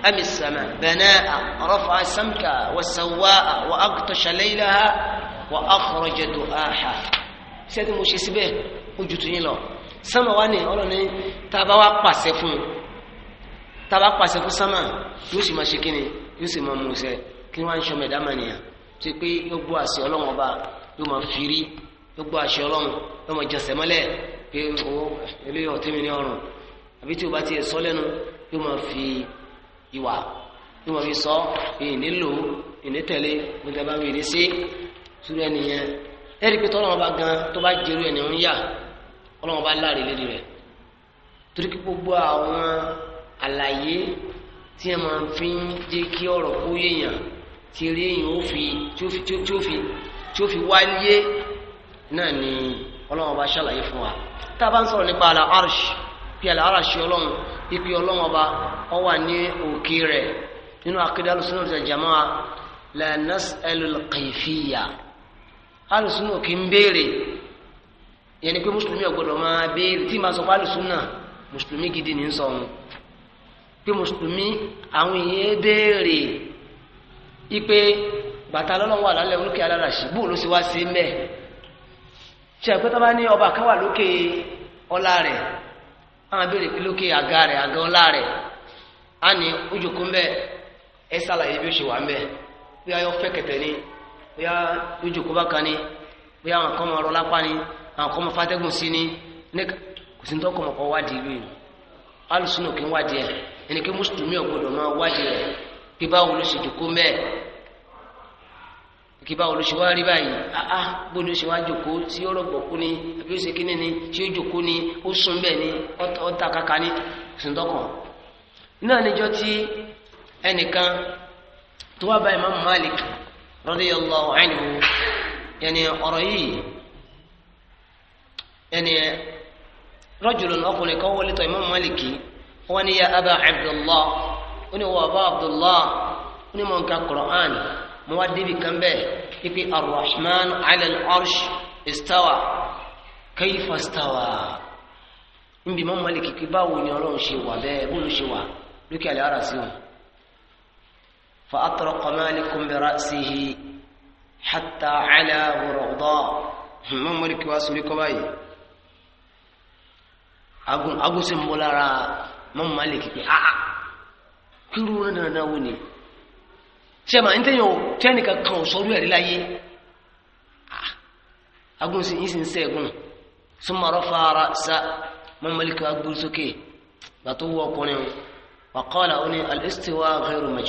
àmì sàmà bana'a rafa'a samka wa sawwa'a wa aghtasha laylaha wa akhraja du'aha ṣé tí mo ṣe síbẹ̀ ojú tó yín lọ sánmà wá ní ọlọ́ni tá a bá wá pàṣẹ fún un tàbá pàṣẹ fún sánmà yóò sì máa ṣe kíni yóò sì máa mú iṣẹ́ kí wọ́n á ń ṣọmọ ẹ̀dá mànìyàn tó pé yóò gbọ́ àṣẹ ọlọ́run ọba yóò máa fi rí yóò gbọ́ àṣẹ ọlọ́run yóò máa jẹsẹ̀ mọ́lẹ̀ pé owó eléyọ̀ tó mi ní ọrùn àbí tí o bá tiẹ̀ sọ lẹ́nu yóò máa fi ìwà yóò máa fi sọ ìnílò ìnítẹ̀lé gbọ́dọ̀ bá wí ní sí sùúrù ẹnìyẹn ẹ̀rí pé tọ́lọ́wọ́n bá gan tó bá jẹ́rú ẹni ń yà ọlọ́wọ́n bá láàrin lérí rẹ̀ torí kí gbogbo àwọn àlàyé tí a máa fi ń jẹ́ kí ọ̀rọ̀ kó yéèyàn tí eré èèyàn ó fi tí ó fi tí ó fi wáyé náà ni ọlọ́run ọba ṣàlàyé fún wa tá a bá ń sọ̀rọ̀ nípa àlà arṣ àlà arṣ ọlọ́run ọlọ́run ọba ọ wà ní òkè rẹ̀ nínú akéde jamaa la nas'alul kayfiyya alùsùnà kì í béèrè yẹn ni pé mùsùlùmí máa béèrè tí màá sọ mùsùlùmí pé mùsùlùmí àwọn èèyàn béèrè ipe bàtà lọ́lọ́wọ́ wà lálẹ́ olókè aláràṣì bóò ló sì wá sí mẹ́ ṣe pé ní ọba kan wà lókè ọlá rẹ̀ àwọn béèrè pé lókè àga rẹ̀ àga ọlá rẹ̀ á ní ojúkú mbẹ́ ẹ sàlàyé bí ó ṣe wà bí ni bí ojúkú bá kan ni bí àwọn ẹni kí mùsùlùmí ọ̀gbọ́dọ̀ máa wádìí rẹ̀ kí báwo ló ṣe jòkó mẹ́ẹ̀ kí báwo ló ṣe wá rí báyìí áá bó ni ó ṣe wá jòkó sí ọ̀rọ̀ gbọ̀kú ni àbí ó ṣe kíní ni ṣé ó jòkó ni ó sùn bẹ́ẹ̀ ni ọ̀tá kaka ni sùndọ́kàn náà níjọ́ tí ẹnìkan tó wá bá Imam Malik radiyallahu anhu yẹni ọ̀rọ̀ yìí yẹni rajulun ọkùnrin kan wọlé tọ̀ Imam Maliki wọ́n ní ya aba abdullah ó ní wọ́n bá abdullah ó ní mọ̀ nǹkan quran mo wá débi kan bẹ́ẹ̀ pípé arrahman ala al-arsh istawa kayfa istawa níbi mọ́ mọ́lẹ̀ kìkì báwo ni ọlọ́run ṣe wà bẹ́ẹ̀ bóun ṣe wà lókè àlẹ́ ara wọn. fa atraqa malikun bi ra'sihi hatta ala wùrọ̀dọ́ mọ́ mọ́lẹ̀ kí wá sórí kọ́ báyìí. agun mọ́mú malik pé áá kírú náà wò ni sẹ́mà ń tẹ́yàn tẹ́nìkan kan ò sọ́rú ẹ̀rí láyé ah, agun sì ń sì ń sẹ́gun súnmọ́rọ́ fara sa mọ́mú malik wa gbúrú sókè bàtó wọ ọkùnrin wa qala ó ní al-istiwa ghayru ní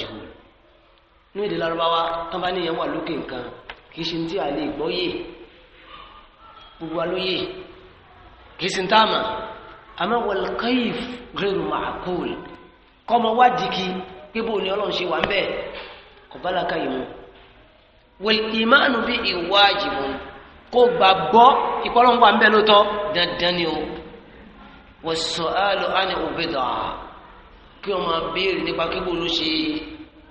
èdè larabawa tó bá níyẹn wà lókè nǹkan kì í ṣe tí a lè gbọ́ yé gbogbo alóyè kì í ṣe tá a mọ̀ àmọ́ wal kayf ghayru ma'qul kọ́ ọmọ wádìí kí pé bó ni ọlọ́run ṣe wà ń bẹ́ẹ̀ kò bá làkà yìí mu wal imanu bi wajibun kó gbàgbọ́ ìpọ́nlọ́wọ́ à ń bẹ́ẹ̀ lóòótọ́ dandan ni o wa su'alu ani òbẹ̀dà kí wọ́n máa béèrè nípa kí bó ló ṣe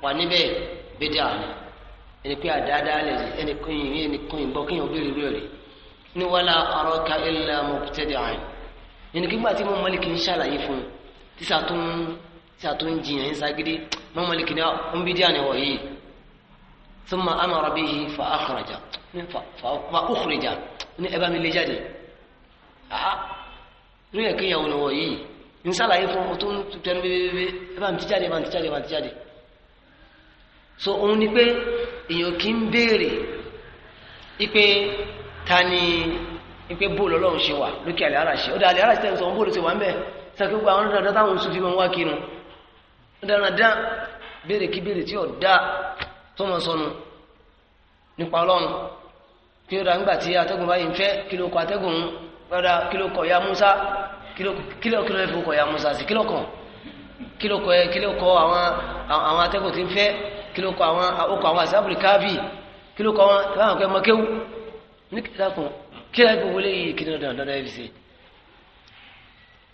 wà níbẹ̀ bẹ́dà ni ẹni pé àdáadáa lẹ̀ ẹni kún yìí ẹni kún bọ́ kí wọ́n béèrè lórí ni wala araka illa mubtadi'an yẹn nígbà tí Imam Malik ń ṣàlàyé fún un tíṣà tó ń tíṣà tó ń jiyàn ń ságídé Imam Malik ní ah, ń bí díà ni wọ̀ yìí thumma amara bihi fa akhraja fa ukhrija ní ẹ bá mi lé jáde ah ló yẹ kéèyàn wọ̀ wọ̀ yìí ń ṣàlàyé fún un tó ń tẹnu bébébé ẹ bá mi ti jáde ẹ bá mi ti jáde ẹ bá mi ti jáde so òun ni pé èèyàn kì í béèrè ipe ta ni ipe bóòlù ọlọ́run ṣe wà lókè àlẹ́ ara ṣe ó dá àlẹ́ ara ṣe tẹ́ ń sọ wọn bóòlù ṣe wà ń bẹ̀ sàkí gbogbo àwọn dandan táwọn oṣù fi máa ń wá kinu dandan béèrè kí béèrè tí ọ̀dá tó mọ̀ sọnù nípa ọlọ́run kí ó dá nígbà tí atẹ́gùn báyìí ń fẹ́ kí ló kọ atẹ́gùn rárá kí ló kọ ya Musa kí ló kí ló fi kọ ya Musa sí kí ló kọ kí ló kọ kí ló kọ àwọn àwọn atẹ́gùn tí ń fẹ́ kí ló kọ àwọn okọ̀ àwọn àṣàbùrì káàbì kí ló kọ wọn láwọn akẹ́ mọ́kéwù ní kí kí ló gbogbo léyìí kí ni dandan dandan ẹ fi ṣe.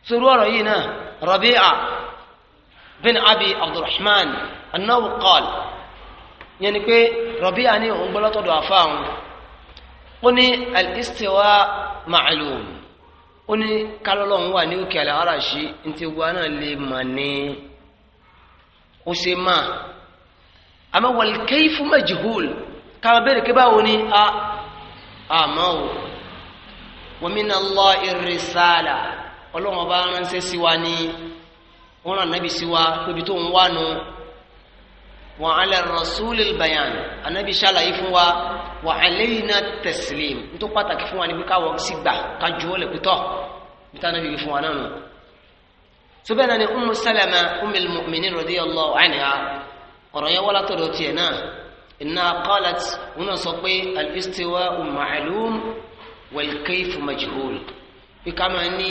sọ̀rọ̀ ọ̀rọ̀ yìí náà Rabi'a bin Abi Abdurrahman annahu qala yẹn ni pé Rabi'a ní òun gbọ́lọ́tọ̀ dọ̀ àfa àwọn ó ní al-istiwa ma'lum ó ní kálọ́lọ́ ń wà ní òkè àlẹ́ aráàṣí ntí wa náà lè mà ní ó ṣe máa àmọ́ wal kayfu majhul káwọn bẹ̀rẹ̀ kí báwo ni a àmọ́ o wa min Allahi risala ọlọ́run ọba ránṣẹ́ sí wa ní wọ́n rán anábì sí wa tóbi tó ń wá nu wa ala rasulil bayan anábì ṣàlàyé fún wa wa alayna taslim nítorí pàtàkì fún wa ní pé káwọ́ sí gbà kájú ó lè pétọ́ níta anábì wa náà nù. sọ́bẹ̀ náà ni umu salama umil mu'minin radiyallahu anha ọ̀rọ̀ yẹn wọ́lá tọ̀dọ̀ tiẹ̀ náà inna qalat wọn sọ pé al-istiwa ma'lum wal kayfu majhul bí ká máa ní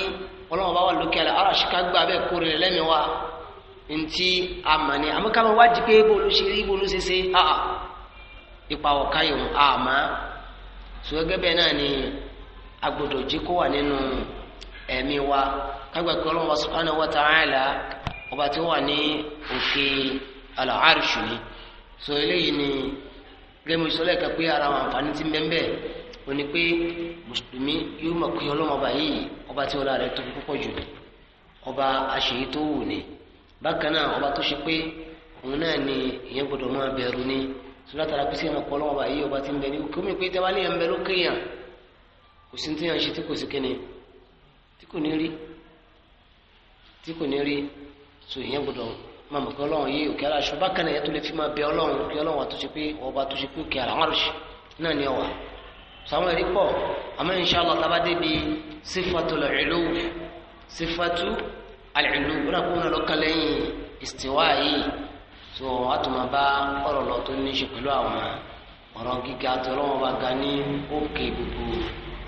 ọlọ́run bá wà lókè àlẹ́ ara ṣìkà gbà bẹ́ẹ̀ kórè rẹ̀ lẹ́mìí wa ntí àmà ni àmọ́ ká máa wájú pé bó ló ṣe rí bó ló ṣe ṣe áà ipa ọ̀ka yòówù àmà sọ gẹ́gẹ́ bẹ́ẹ̀ náà ni agbọ́dọ̀ jí kó wà nínú ẹ̀mí wa wa subhanahu ni ti ń ó ní pé mùsùlùmí yóò mọ̀ pé ọlọ́run ọba yìí ọba tí ọlá rẹ̀ tóbi púpọ̀ jù ọba àṣeyí tó wù ní bákan náà ọba tó ṣe pé òun náà ni ìyẹn gbọdọ̀ máa bẹ̀rù ní sọlátara pé sí ẹnìkan ọlọ́run ọba yìí ọba tí ń bẹ ní òkè omi pé tẹ́wálé ẹ̀ ń bẹ lókè yàn kò sí tí yàn ṣe tí kò sí kíni tí kò ní rí tí kò ní rí so ìyẹn gbọdọ̀ máa mọ̀ pé ọlọ́run yìí òkè aláṣọ bákan náà ìyẹn tó lè fi máa bẹ ọlọ́run kí ọlọ́run àtúnṣe pé ọba àtúnṣe pé òkè àlàmárùsì náà ni ọwà sàwọn ẹ̀rí pọ̀ àmọ́ inshallah tabadé bi sífàtú lẹ́ẹ̀lú sífàtú alẹ́ẹ̀lú wọn kò wọn lọ kàn lẹ́yìn ìsìtìwá yìí tó a tún máa bá ọ̀rọ̀ lọ tó ní ṣe pẹ̀lú àwọn ọ̀rọ̀ gíga tó lọ́wọ́ bá ga ní òkè gbogbo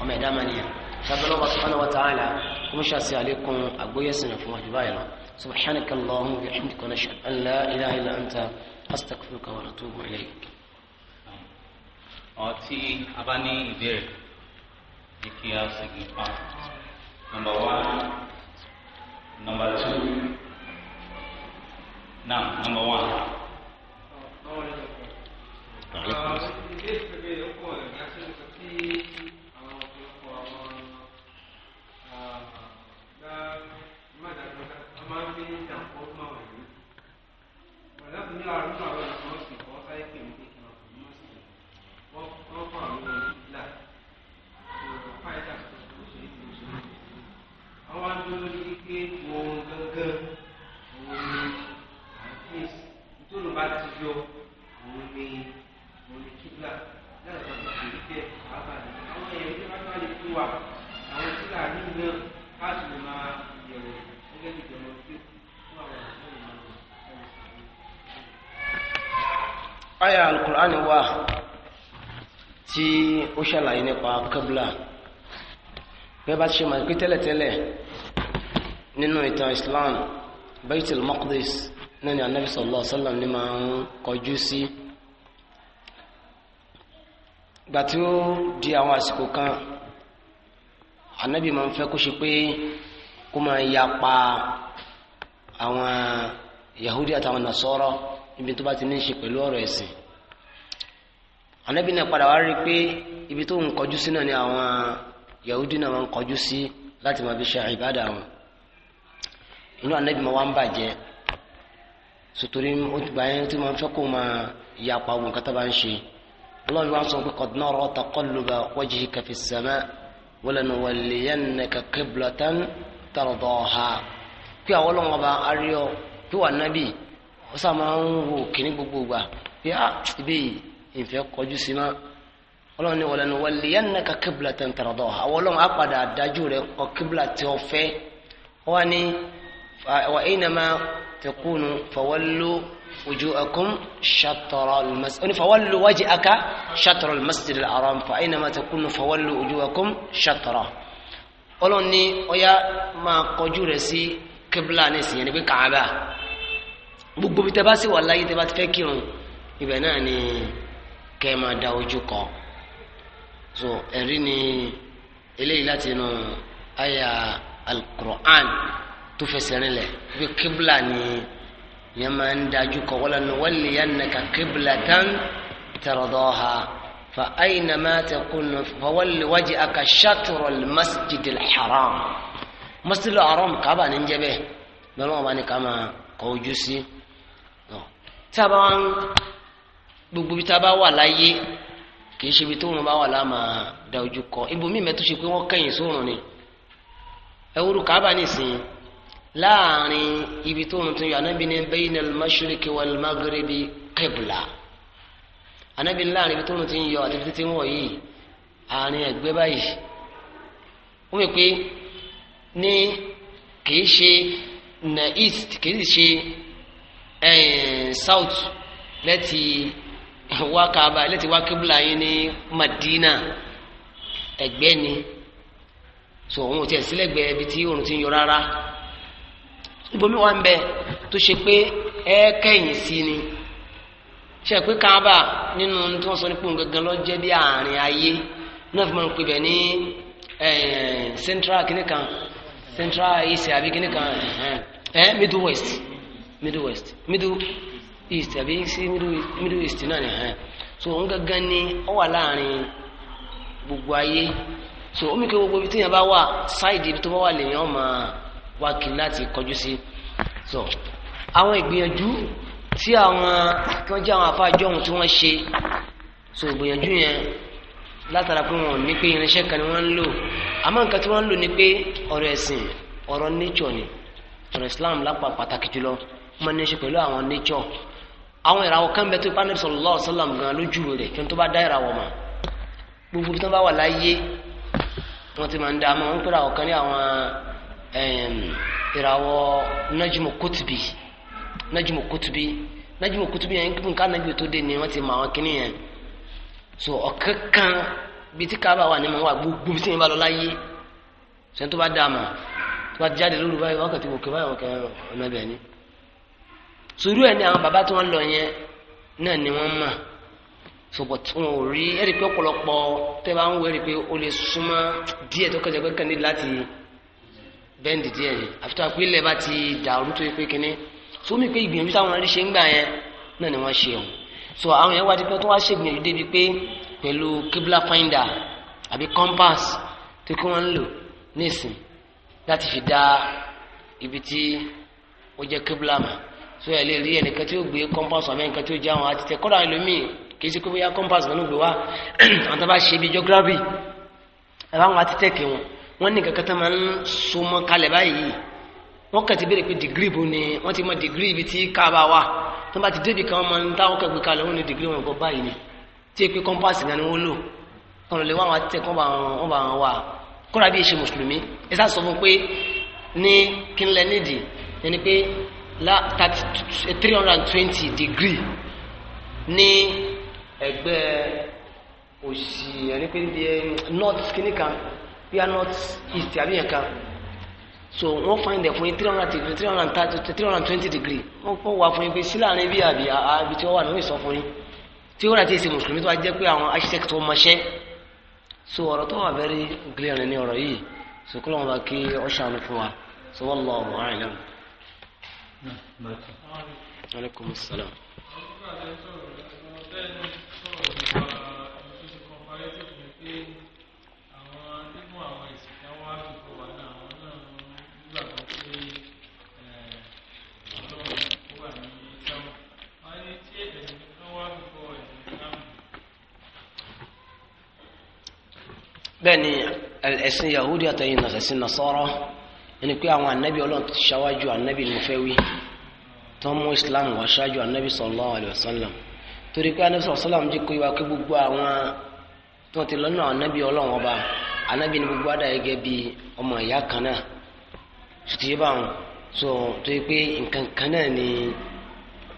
ọmọ ẹ̀dá mẹ́niyàn sábẹ́lọ́ wa subhanahu wa ta'ala kó ń ṣàṣì àlékún àgbóyèsìn fún wa jù báyìí lọ subhanaka allahumma wa bihamdika nashhadu an la ilaha illa anta astaghfiruka wa atubu ilayk ọ tí a bá ìbéèrè ní kí a sì gbé pa number one number two now number one. Uh, uh, uh, Thank you. 包括那个依赖，就是坏蛋是毒谁毒谁毒谁，然后就是一些我跟跟我们啊意思，这种把指标我们我们去不了，那个是一些麻烦，然后也是把它的做啊，然后现在你们开始嘛有那个什么就做了。aya alukur'ani wa tí ó ṣàlàyé nípa kábùlà bẹ́ẹ̀ bá ṣe máa pé tẹ́lẹ̀tẹ́lẹ̀ nínú ìtàn Islam Baitul Maqdis náà ni anabi sallallahu alaihi wasallam ni máa ń kọjú sí gbà tí ó di àwọn àsìkò kan anabi máa ń fẹ́ kó ṣe pé kó máa yapa àwọn Yahudi àtàwọn Nasara ibi tó bá ti ní í ṣe pẹ̀lú ọ̀rọ̀ ẹ̀sìn anabi náà padà wá rí i pé ibi tó ń kọjú sí náà ni àwọn yahudi náà máa ń kọjú sí láti máa fi ṣe àìbádà wọn inú anabi máa wá ń bàjẹ́ sotori gbà yẹn tí wọ́n fẹ́ kó máa ya apá ogun kátà bá ń ṣe ọlọ́run wá ń sọ pé qad nara taqalluba wajhika fi s-samaa walanuwalliyannaka qiblatan tardaha pé àwọn ọlọ́run ọba aríọ pé wà nábì ó sá ń wò kíní gbogbo gbà pé á ah, ibi yìí ìfẹ́ kọjú sí máa ọlọ́run ní ọ̀lẹ́nu waliyannaka qiblatan tardaha àwọn ọlọ́run á padà dájú rẹ kọ kíbla tí ó fẹ́ wọ́n ní wa aynama takunu fawallu wujuhakum shatral masjid ó ní fawallu wajhaka shatral masjidil haram fa aynama takunu fawallu wujuhakum shatra ọlọ́run ní ọya máa kọjú rẹ sí kíbla ní ìsìnyẹn pé Kaaba kẹ́ ẹ máa da ojú kọ so ẹ̀rí ni eléyìí láti inú àyà alukur'an tó fẹsẹ̀ rinlẹ̀ wípé kíbla ni yẹn máa ń dájú kọ wala nuwalliyannaka qiblatan tardaha fa aynama takunu fawalli wajhaka shatrul masjidil haram masjidil haram kaba ni ń jẹ́ bẹ́ẹ̀ lọ́wọ́ bá ní ká kọ ojú sí tí a bá ń gbogbo ibi tá a bá wà láyé kì í ṣe ibi tó rùn bá wà láàmà da ojú kọ ibòmíì mẹ́tò ṣe pé wọ́n kẹ́yìn sórùn ni ẹwúrú kábà nìsín láàrin ibi tó rùn tún yọ anábì ní bayna al-mashriqi wal-maghribi qibla anábì láàrin ibi tó rùn tún yọ àti títí wọ̀ yìí àárín ẹ̀gbẹ́ báyìí wọ́n wí pé ní kì í ṣe na east kì í ṣe eh, south lẹ́tì. (laughs) wá kaaba ilé ti wá kíbla yín ní Madina ẹ̀gbẹ́ ni so òun ò tiẹ̀ sílẹ̀gbẹ́ ibi tí oòrùn ti ń yọ rárá ibomi wa ń bẹ tó ṣe pé ẹ kẹ́yìn sí ni ṣe pé kaaba nínú tí wọ́n sọ nípa òun gangan lọ jẹ́ bí àárín ayé náà fi máa ń pè bẹ̀ ní central kìnìkan central asia àbí kìnìkan middle west middle west middle east àbí sí middle east náà ni hàn so òun gangan ni ó wà láàrin gbogbo ayé so omi kí gbogbo ibi tí yẹn bá wà ṣáìdì ibi tó bá wà lèyàn ọmọ wa kiri láti kọjú sí so àwọn ìgbìyànjú tí àwọn tí wọ́n jẹ́ àwọn afáàjọ ohun tí wọ́n ṣe so ìgbìyànjú yẹn látara pé wọn ò ní pé irinṣẹ́ kan ni wọ́n ń lò àmọ́ nǹkan tí wọ́n ń lò ni pé ọ̀rọ̀ ẹ̀sìn ọ̀rọ̀ nature ni ọ̀rọ̀ Islam lápá pàtàkì jùlọ wọ́n ní í ṣe pẹ̀lú àwọn nature àwọn ìràwọ̀ kan bẹ tó ipa níbi sallallahu alaihi wasallam gan lójú rẹ̀ kí n tó bá dá ìràwọ̀ mọ̀ gbogbo tó bá wà láyé wọn ti máa ń dá àmọ́ wọn pèrè àwọn kan ní àwọn ìràwọ̀ nájúmọ̀ kótùbì nájúmọ̀ kótùbì nájúmọ̀ kótùbì yẹn kí nǹkan nájúmọ̀ tó dé ni wọ́n ti mọ àwọn kinní yẹn so ọ̀kẹ́ kan bí tí káàbà wà ní ma wà gbogbo bí sẹ́yìn bá lọ láyé sẹ́yìn tó bá dá àmọ́ tó bá jáde lóru báyìí wọ́n kàn ti wò kí báyìí wọ́n kàn ọ̀nà bẹ̀ẹ́ ni sòrú ẹ̀ ní àwọn bàbá tí wọ́n lọ yẹn náà ni wọ́n mà sọ̀bọ̀ tí wọ́n ò rí ẹ̀rí pé ọ̀pọ̀lọpọ̀ tẹ́ bá ń wọ ẹ̀rí pé o lè súnmọ́ díẹ̀ tó kọjá pé kàn láti bẹ́ǹdì díẹ̀ ni àfitọ́ àpò ilẹ̀ bá ti dàrú tó yẹ pé kínní sómi pé ìgbìyànjú táwọn ẹ̀rí ṣe ń gbà yẹn náà ni wọ́n ṣe o so àwọn yẹn wá di pé tó wá ṣègbìyànjú débi pé pẹ̀lú kibla finder àbí compass tó kí wọ́n ń lò nísìn láti fi dá ibi tí ó jẹ́ kibla mọ́ so ẹ lè rí ẹnìkan tí ó gbé compass àmì ẹnìkan tí ó jẹ àwọn àti tẹ kọ́ra ẹlòmíì kì í ṣe pé bóyá compass kan ló gbé wá (clears throat) àwọn tó bá ṣe bí geography àbáwọn àti tẹ kí wọn wọn ní kankan tó máa ń so mọ kalẹ̀ báyìí wọn kàn ti béèrè pé degree bo ni wọn ti mọ degree ibi tí káàbà wà tó bá ti débi kan wọn máa ń táwọn kẹgbẹ kalẹ̀ wọn ní degree wọn kọ báyìí ni tí èpè compass kan ni wọn lò kàn lè wá àwọn àti kọ́ la thirty three hundred and twenty degree ní ẹgbẹ́ òsì ẹni north kìíní kan bíi north east àbí yẹn kan so wọ́n find ẹ̀ fún yín three hundred degree three hundred thirty three hundred twenty degree wọ́n kọ́ wà fún yín pé sí láàrin bí àbí àbí tí wọ́n wà nínú ìsọfún yín tí wọ́n àti èsì mùsùlùmí tó wá jẹ́ pé àwọn architect tó mọṣẹ́ so ọ̀rọ̀ tó wà very clear ní ọ̀rọ̀ yìí so kí lóun bá kí ọ̀ṣà ló fún wa so wallahu a'lam. عليكم السلام بني الاسن يهودي تين الاسن نصارى ẹni pé àwọn anabi ọlọ́run ti ṣáwájú anabi ni mo fẹ́ wí tó mú islam wá ṣáájú anabi sallallahu alayhi wa sallam torí pé anabi sallallahu alayhi wa sallam jẹ́ kó yíwa pé gbogbo àwọn tó ti lọ́nà anabi ọlọ́run ọba anabi ni gbogbo adá gẹ́gẹ́ bí ọmọ ìyá kan náà tuntun bá wọn so torí pé nǹkan kan náà ni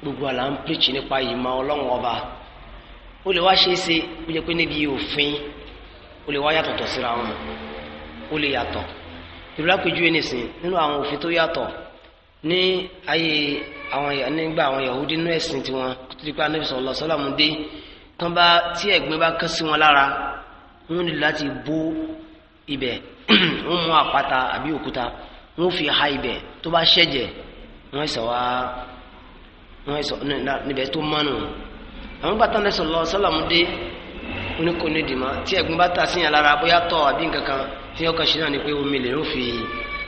gbogbo àlà ń pèchì nípa ìmọ̀ ọlọ́run ọba ó lè wá ṣe é ṣe ó jẹ́ pé níbi òfin ó lè wá yàtọ̀tọ̀ síra wọn ó lè yàtọ̀ ìlú àpèjúwe nìsín nínú àwọn òfin tó yàtọ̀ ní ayé àwọn nígbà àwọn Yahudi nínú ẹ̀sìn tiwọn tó ti pa anabi sallallahu alaihi wasallam dé tán bá tí ẹ̀gbin bá kán sí wọn lára wọn ní láti bó ibẹ̀ (clears throat) wọn mú àpáta àbí òkúta wọn fi ha ibẹ̀ tó bá ṣẹ̀jẹ̀ wọn ṣe wá wọn ṣe níbẹ̀ tó mọ́nù àwọn bàtà anabi sallallahu alaihi wasallam dé oníkó ní dìmá tí ẹ̀gbọ́n bá ta síyàn lára bóyá tọ̀ àbí nǹkan kan fi ọkàn ṣe náà ni pé omi lè ń fi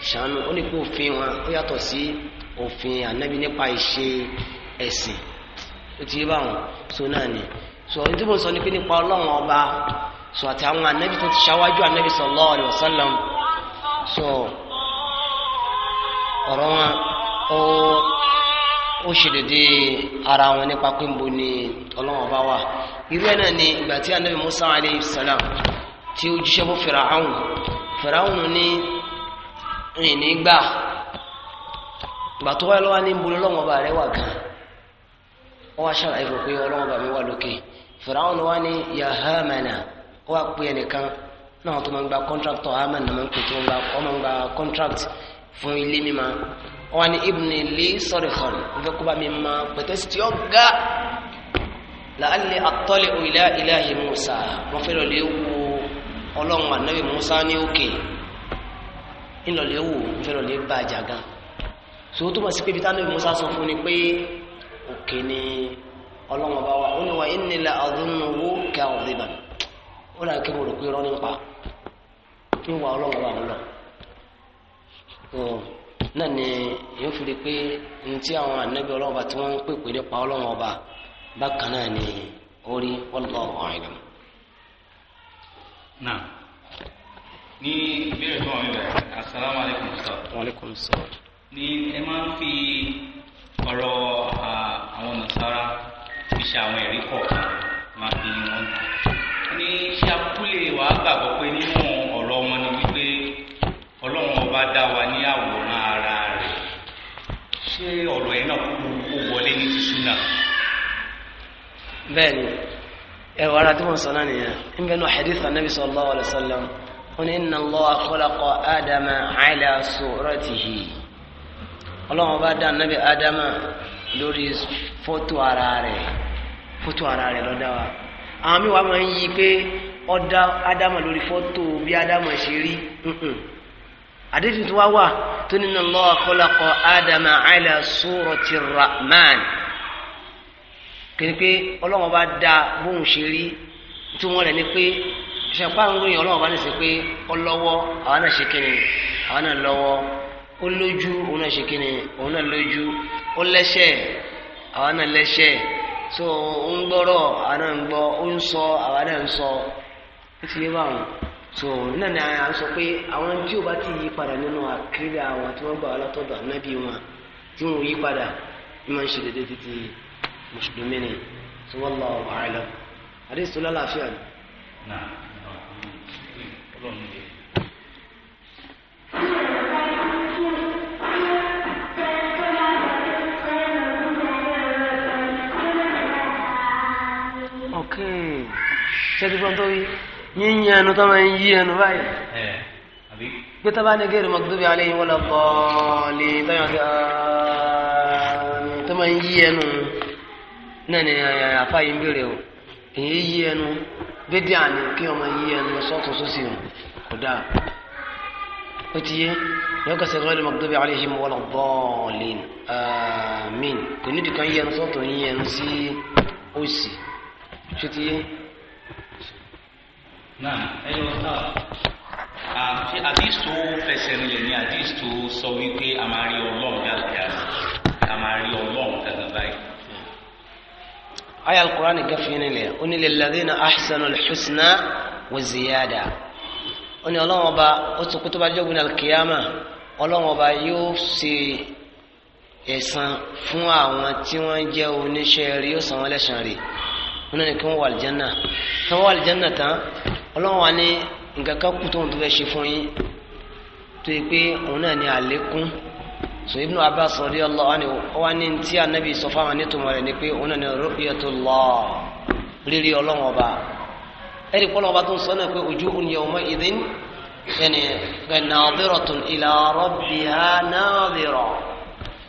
ṣàánú ó ní pé òfin wọn ó yàtọ̀ sí òfin ànábi nípa ìṣe ẹ̀sìn ó ti yé báwọn so náà ni so ohun tí mo sọ ni pé nípa ọlọ́run ọba so àti àwọn ànábi tó ti ṣáwájú ànábi sallallahu alaihi wasallam so ọ̀rọ̀ wọn ó. ó ṣe ara wọn nípa pé ni ọlọ́wọ́n bá wà irú ni ìgbà tí anabi musa alayhi salam ti ó jíṣẹ́ fún fìràhùn fìràhùn ní ìní gbà ìgbà tó wáyé lọ́wọ́ ní ń bo bá rẹ̀ wà gan ó wá ṣàlàyé fún pé ọlọ́wọ́n bá mi wà lókè fìràhùn wá ní yahamana ó wá pé ẹnìkan náà tó máa ń gba contract ọ̀hámẹ́ni náà máa ń pè tó ń gba wọn ni ibùn ilé sọ̀rọ̀ kan ìfẹ́ kó bá mi ma pẹ̀tẹ́sì tí ó ga láàlẹ́ àtọ́lẹ̀ òyìnlá ilahi Musa wọ́n fẹ́ lọ́lẹ́ wo ọlọ́run ànábì Musa ní òkè ńlọ́lẹ́ wo wọ́n fẹ́ lọ́lẹ́ bá àjà gan so tó mọ̀ sí pé ibi tánábì Musa sọ fún ni pé òkè ni ọlọ́run bá wà ó ní wa ìnìlẹ̀ àdúnnúwó kẹ́ àwọn ìbà ó dà kí mo rò pé rọ́ nípa ń wà ọlọ́run bá wọn lọ náà ni yóò fi rí pé ní tí àwọn ànábì ọlọ́run ọba tí wọ́n ń pèpè nípa ọlọ́run ọba bákan náà ni ó rí wallahu a'lam. náà ní ìbéèrè tó wọn bẹ̀rẹ̀ asalaamualeykum sọ. waaleykum sọ. ni ẹ máa ń fi ọ̀rọ̀ àwọn nàṣàrà fi ṣe àwọn ẹ̀rí kọ̀ọ̀kan máa fi wọn. ní ṣe wàá gbàgbọ́ pé nínú ọlọ́run ọba dá wa ní àwòrán ara rẹ̀ ṣé ọ̀rọ̀ yẹn náà kú ó wọlé ní sísúnà. bẹ́ẹ̀ni ẹwà ara tí mo sọ náà nìyẹn ń bẹnu hadith anabi sallallahu alayhi wa sallam wọn ni inna Allaha khalaqa adama ala suratihi ọlọ́run ọba dá anabi adama lórí fọ́tò ara rẹ̀ fọ́tò ara rẹ̀ ló wa àwọn mi wàá máa ń yí pé ọ̀dà adama lórí fọ́tò bí adama ṣe rí àdéhùn tó wá wà tó nínú Allah khalaqa ádámà ala surati rahman kìí pé ọlọ́run bá dá bóun ṣe rí tí wọ́n rẹ̀ ni pé ìṣẹ̀pá ń ròyìn ọlọ́run bá ní sí pé ọlọ́wọ́ àwọn náà ṣe kíni àwọn náà lọ́wọ́ ó lójú òun náà ṣe kíni òun náà lójú ó lẹ́sẹ̀ àwọn náà lẹ́sẹ̀ so ń gbọ́rọ̀ àwọn náà ń gbọ́ ó ń sọ àwọn náà ń sọ ó ti yé báwọn so náà ni a sọ pé àwọn tí o bá ti yí padà nínú àkíríà àwọn tí wọ́n gbà wá látọ̀dọ̀ ànábì wọn tí wọ́n yí padà ní máa ń ṣe dédé títí mùsùlùmí ni tí wọ́n lọ ọ̀rọ̀ àìlọ́ àdéhùn tó lálàáfíà ni. ok ṣé ti gbọ́n tó yí yíyan ẹnu tó máa ń yí ẹnu báyìí. Eh, gbé tó bá ní gẹ́rù magdubi alayhi wala dhalin tó yàn sí tó máa ń yí ẹnu náà ni àfa yìí ń bèrè o èyí yí ẹnu bídí àná kí ọmọ yí sọ́tún sósì o kò dáa ó ti yé yóò kẹsẹ̀ gẹ́rù magdubi alayhim wala dhalin àmín kò nídìí kan yí sọ́tún yí sí òsì ṣé ti yé náà ẹ yọ ọ́ ṣe àdìs tó fẹsẹ̀ rinlẹ̀ ní àdìs tó sọ wípé a máa rí ọlọ́run dáadáa a máa rí ọlọ́run gàgà báyìí. aya al-Qur'an gafi nílẹ̀ ó ní lilladhina ahsanu al-husna wa ziyada ó ní ọlọ́run ọba ó ti kú bá jọ́gun ní ọlọ́run ọba yóò ṣe ẹ̀san fún àwọn tí wọ́n jẹ́ oníṣẹ́ rí ó san wọ́n lẹ́san rí wọn ní kí wọ́n wà aljanna tí wọ́n wà aljanna tán ọlọ́run wa ní nǹkan kan kú tóun tó fẹ́ ṣe fún yín tó yẹ pé òun náà ní àlékún so ibnu abbas radiyallahu anhu wa ní tí anabi sọ fáwọn nítumọ̀ rẹ̀ ni pé òun náà ní ru'yatullah rírí ọlọ́run ọba ẹ̀rí kọ́ lọ́wọ́ bá tó ń sọ náà pé wujuhun yawma'idhin yẹni nàdírọ̀tún ila rabbiha nàdírọ̀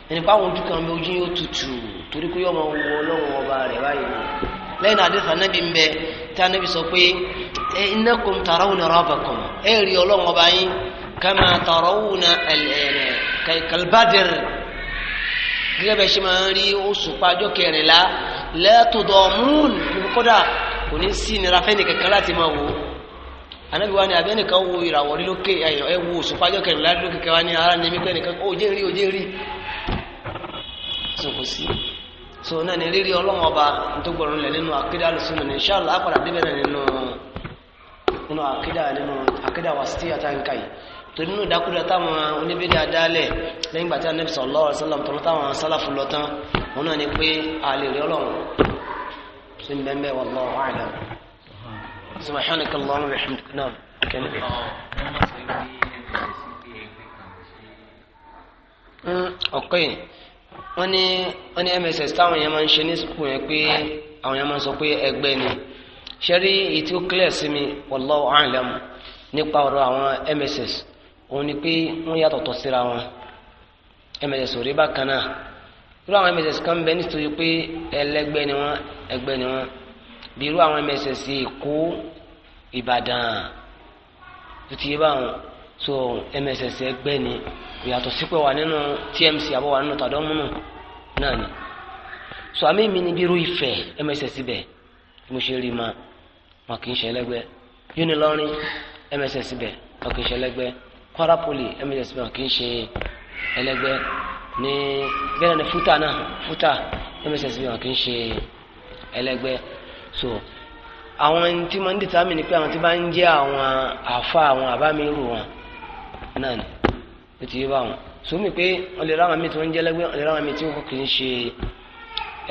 ẹni báwọn ojú kan mi ojú yóò tutù torí pé yọmọ wọ ọlọ́run ọba rẹ̀ báyìí lẹ́yìn àdéhùn anábì ń bẹ tánàbí sọ pé innakum tarawna rabbakum ẹ rí ọlọ́run ọba yín kama tarawna kalbadir gẹ́gẹ́ bẹ́ẹ̀ ṣe máa ń rí oṣù pàjọ́ kẹrìnlá la tudamun kódà kò ní sí ìnira fẹ́ni kankan láti máa wò anabi wa ni abẹ́nìkan wo ìràwọ̀ rí lókè ẹ wo oṣù pàjọ́ kẹrìnlá lókè kẹwàá ní ara ní mi pẹ́ nìkan ó jẹ́ rí ó jẹ́ rí sọ kò sí so náà ni rírí ọlọ́wọ́n ọba tó gbọ̀rọ̀ lẹ̀ nínú àkídà lùsùnù ní ṣáàlù àpàdà débẹ̀ náà nínú nínú àkídà nínú àkídà wà sí àtàǹkà yìí torí nínú ìdákúdà táwọn oníbèrè adálẹ̀ lẹ́yìn gbàtí anabi sallallahu alaihi wasallam tọ́lọ́ táwọn sálàfù lọ tán wọn náà ni pé àlè rí ọlọ́wọ́n sí bẹ́ẹ̀ wallahu a'lam subhanaka allahumma wọ́n ní wọ́n ní mss táwọn yẹn máa ń ṣe ní sukùl yẹn pé àwọn yẹn máa ń sọ pé ẹgbẹ́ ni ṣẹ́rí èyí tí ó clear sí mi wallahu a'lam nípa ọ̀rọ̀ àwọn mss òun ni pé wọ́n yàtọ̀tọ̀ síra wọn mss ò rí bákan náà irú àwọn mss kan bẹ nítorí pé ẹlẹgbẹ́ ni wọ́n ẹgbẹ́ ni wọ́n bí irú àwọn mss Èkó Ìbàdàn tó ti yé báwọn so mss ẹgbẹ́ ni ìyàtọ̀ sí wà nínú tmc àbọ̀ wà nínú tàdọ́múnù náà ni so àmì mi ni bí irú ìfẹ́ mss bẹ̀ mo ṣe rí ma wọn kì í ṣe ẹlẹ́gbẹ́ unilọrin mss bẹ̀ wọn kì í ṣe ẹlẹ́gbẹ́ kwara poli mss bẹ̀ wọn kì í ṣe ẹlẹ́gbẹ́ ní bẹ́ẹ̀ ni fúta náà fúta mss bẹ̀ wọn kì í ṣe ẹlẹ́gbẹ́ so àwọn tí mo ń dìtàmì ni pé àwọn tí bá ń jẹ́ àwọn àfa àwọn àbámi rù wọn. náà ni ó ti yé báwọn sómi pé wọn lè ráwọn míì tí wọn ń jẹ ẹlẹgbẹ́ wọn lè ráwọn míì tí wọn kì í ṣe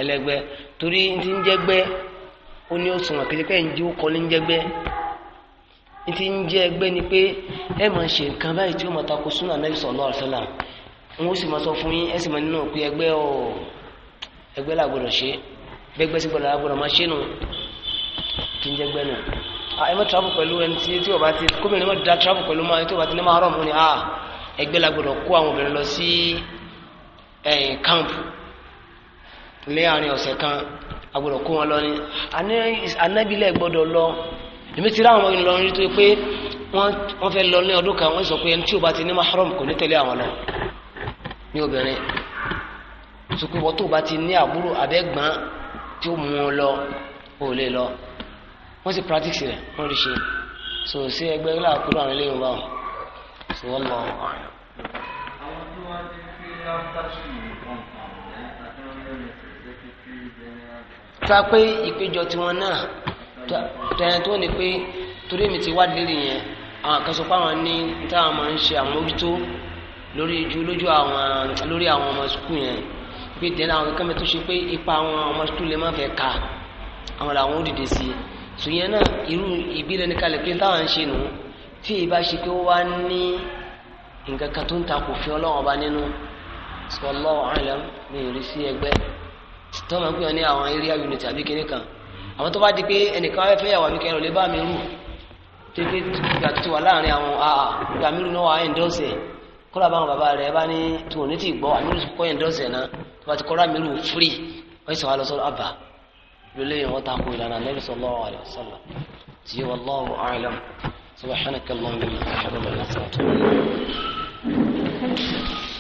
ẹlẹgbẹ torí ti ń jẹgbẹ́ ó ní òṣùwọ̀n kejì pé ǹjẹ́ ó kọ́ ní jẹgbẹ́ ti ń jẹ ni pé ẹ máa ṣe nǹkan báyìí tí ó máa tako súnà ó sì máa sọ fún yín ẹ sì máa nínú ṣe sí máa ṣe nù ti ń Ah, ẹ mọ́ travel pẹ̀lú ẹni tí tí o bá ti kóbìnrin mọ́ da travel pẹ̀lú máa tí o bá ti ní máa rọ̀mù ni ah ẹgbẹ́ la gbọ́dọ̀ kó àwọn obìnrin lọ sí ẹ̀yìn camp ní àárín ọ̀sẹ̀ kan a gbọ́dọ̀ kó wọn lọ ni anábìlẹ̀ gbọ́dọ̀ lọ èmi ti ráwọn ọmọ ìlọrin tó pé wọ́n fẹ́ lọ ní ọdún kan wọ́n sọ pé ẹni tí o bá ti ní mahram kò ní tẹ̀lé àwọn lọ ní obìnrin sùkúrú wọ́n tó o bá ti ní àbúrò abẹ́gbọ́n tí ó mú un lọ ò lè lọ wọ́n sì practice rẹ̀ wọ́n rí ṣe so sí ẹgbẹ́ ńlá kúrò àwọn eléyìí wà so wọ́n lọ. ta pé ìpéjọ tiwọn náà tẹ̀yìn tó ní pé torí mi ti wá lérí yẹn àwọn kan sọ pé àwọn ní táwọn máa ń ṣe àmójútó lórí ju lójú àwọn lórí àwọn ọmọ sukùl yẹn pé tẹ̀lé àwọn kẹ́kẹ́ mi tó ṣe pé ipa àwọn ọmọ sukùl lè má fẹ́ ka àwọn làwọn ó dìde sí i tùyẹn náà irú ìbílẹ̀ ní kalẹ̀ pé táwọn ń ṣe nù tí ìbá ṣe pé ó wá ní nǹkan kan tó ń ta kò fi ọlọ́run ọba nínú sọlọ́ ọ̀hánlẹ̀ ní ìrísí ẹgbẹ́ tó máa ń pè ọ́ ní àwọn area unit àbí kinní kan àwọn tó bá di pé ẹnìkan fẹ́ yàwó àbí kẹrù lè bá mi rù tètè ìgbà tó ti wà láàrin àwọn àà ìgbà mi rù náà wà ẹ̀ńdọ́sẹ̀ kọ́lá báwọn bàbá rẹ̀ bá ní tòun ní ti gbọ́ àmì rù kọ́ ẹ̀ńdọ́sẹ̀ náà tó bá ti kọ́ra mi rù free wọ́n sì wá lọ sọ́dọ̀ àbá بليه وتعقو إلى النبي صلى الله عليه وسلم جي الله أعلم سبحانك اللهم وبحمدك أشهد أن لا إله إلا أنت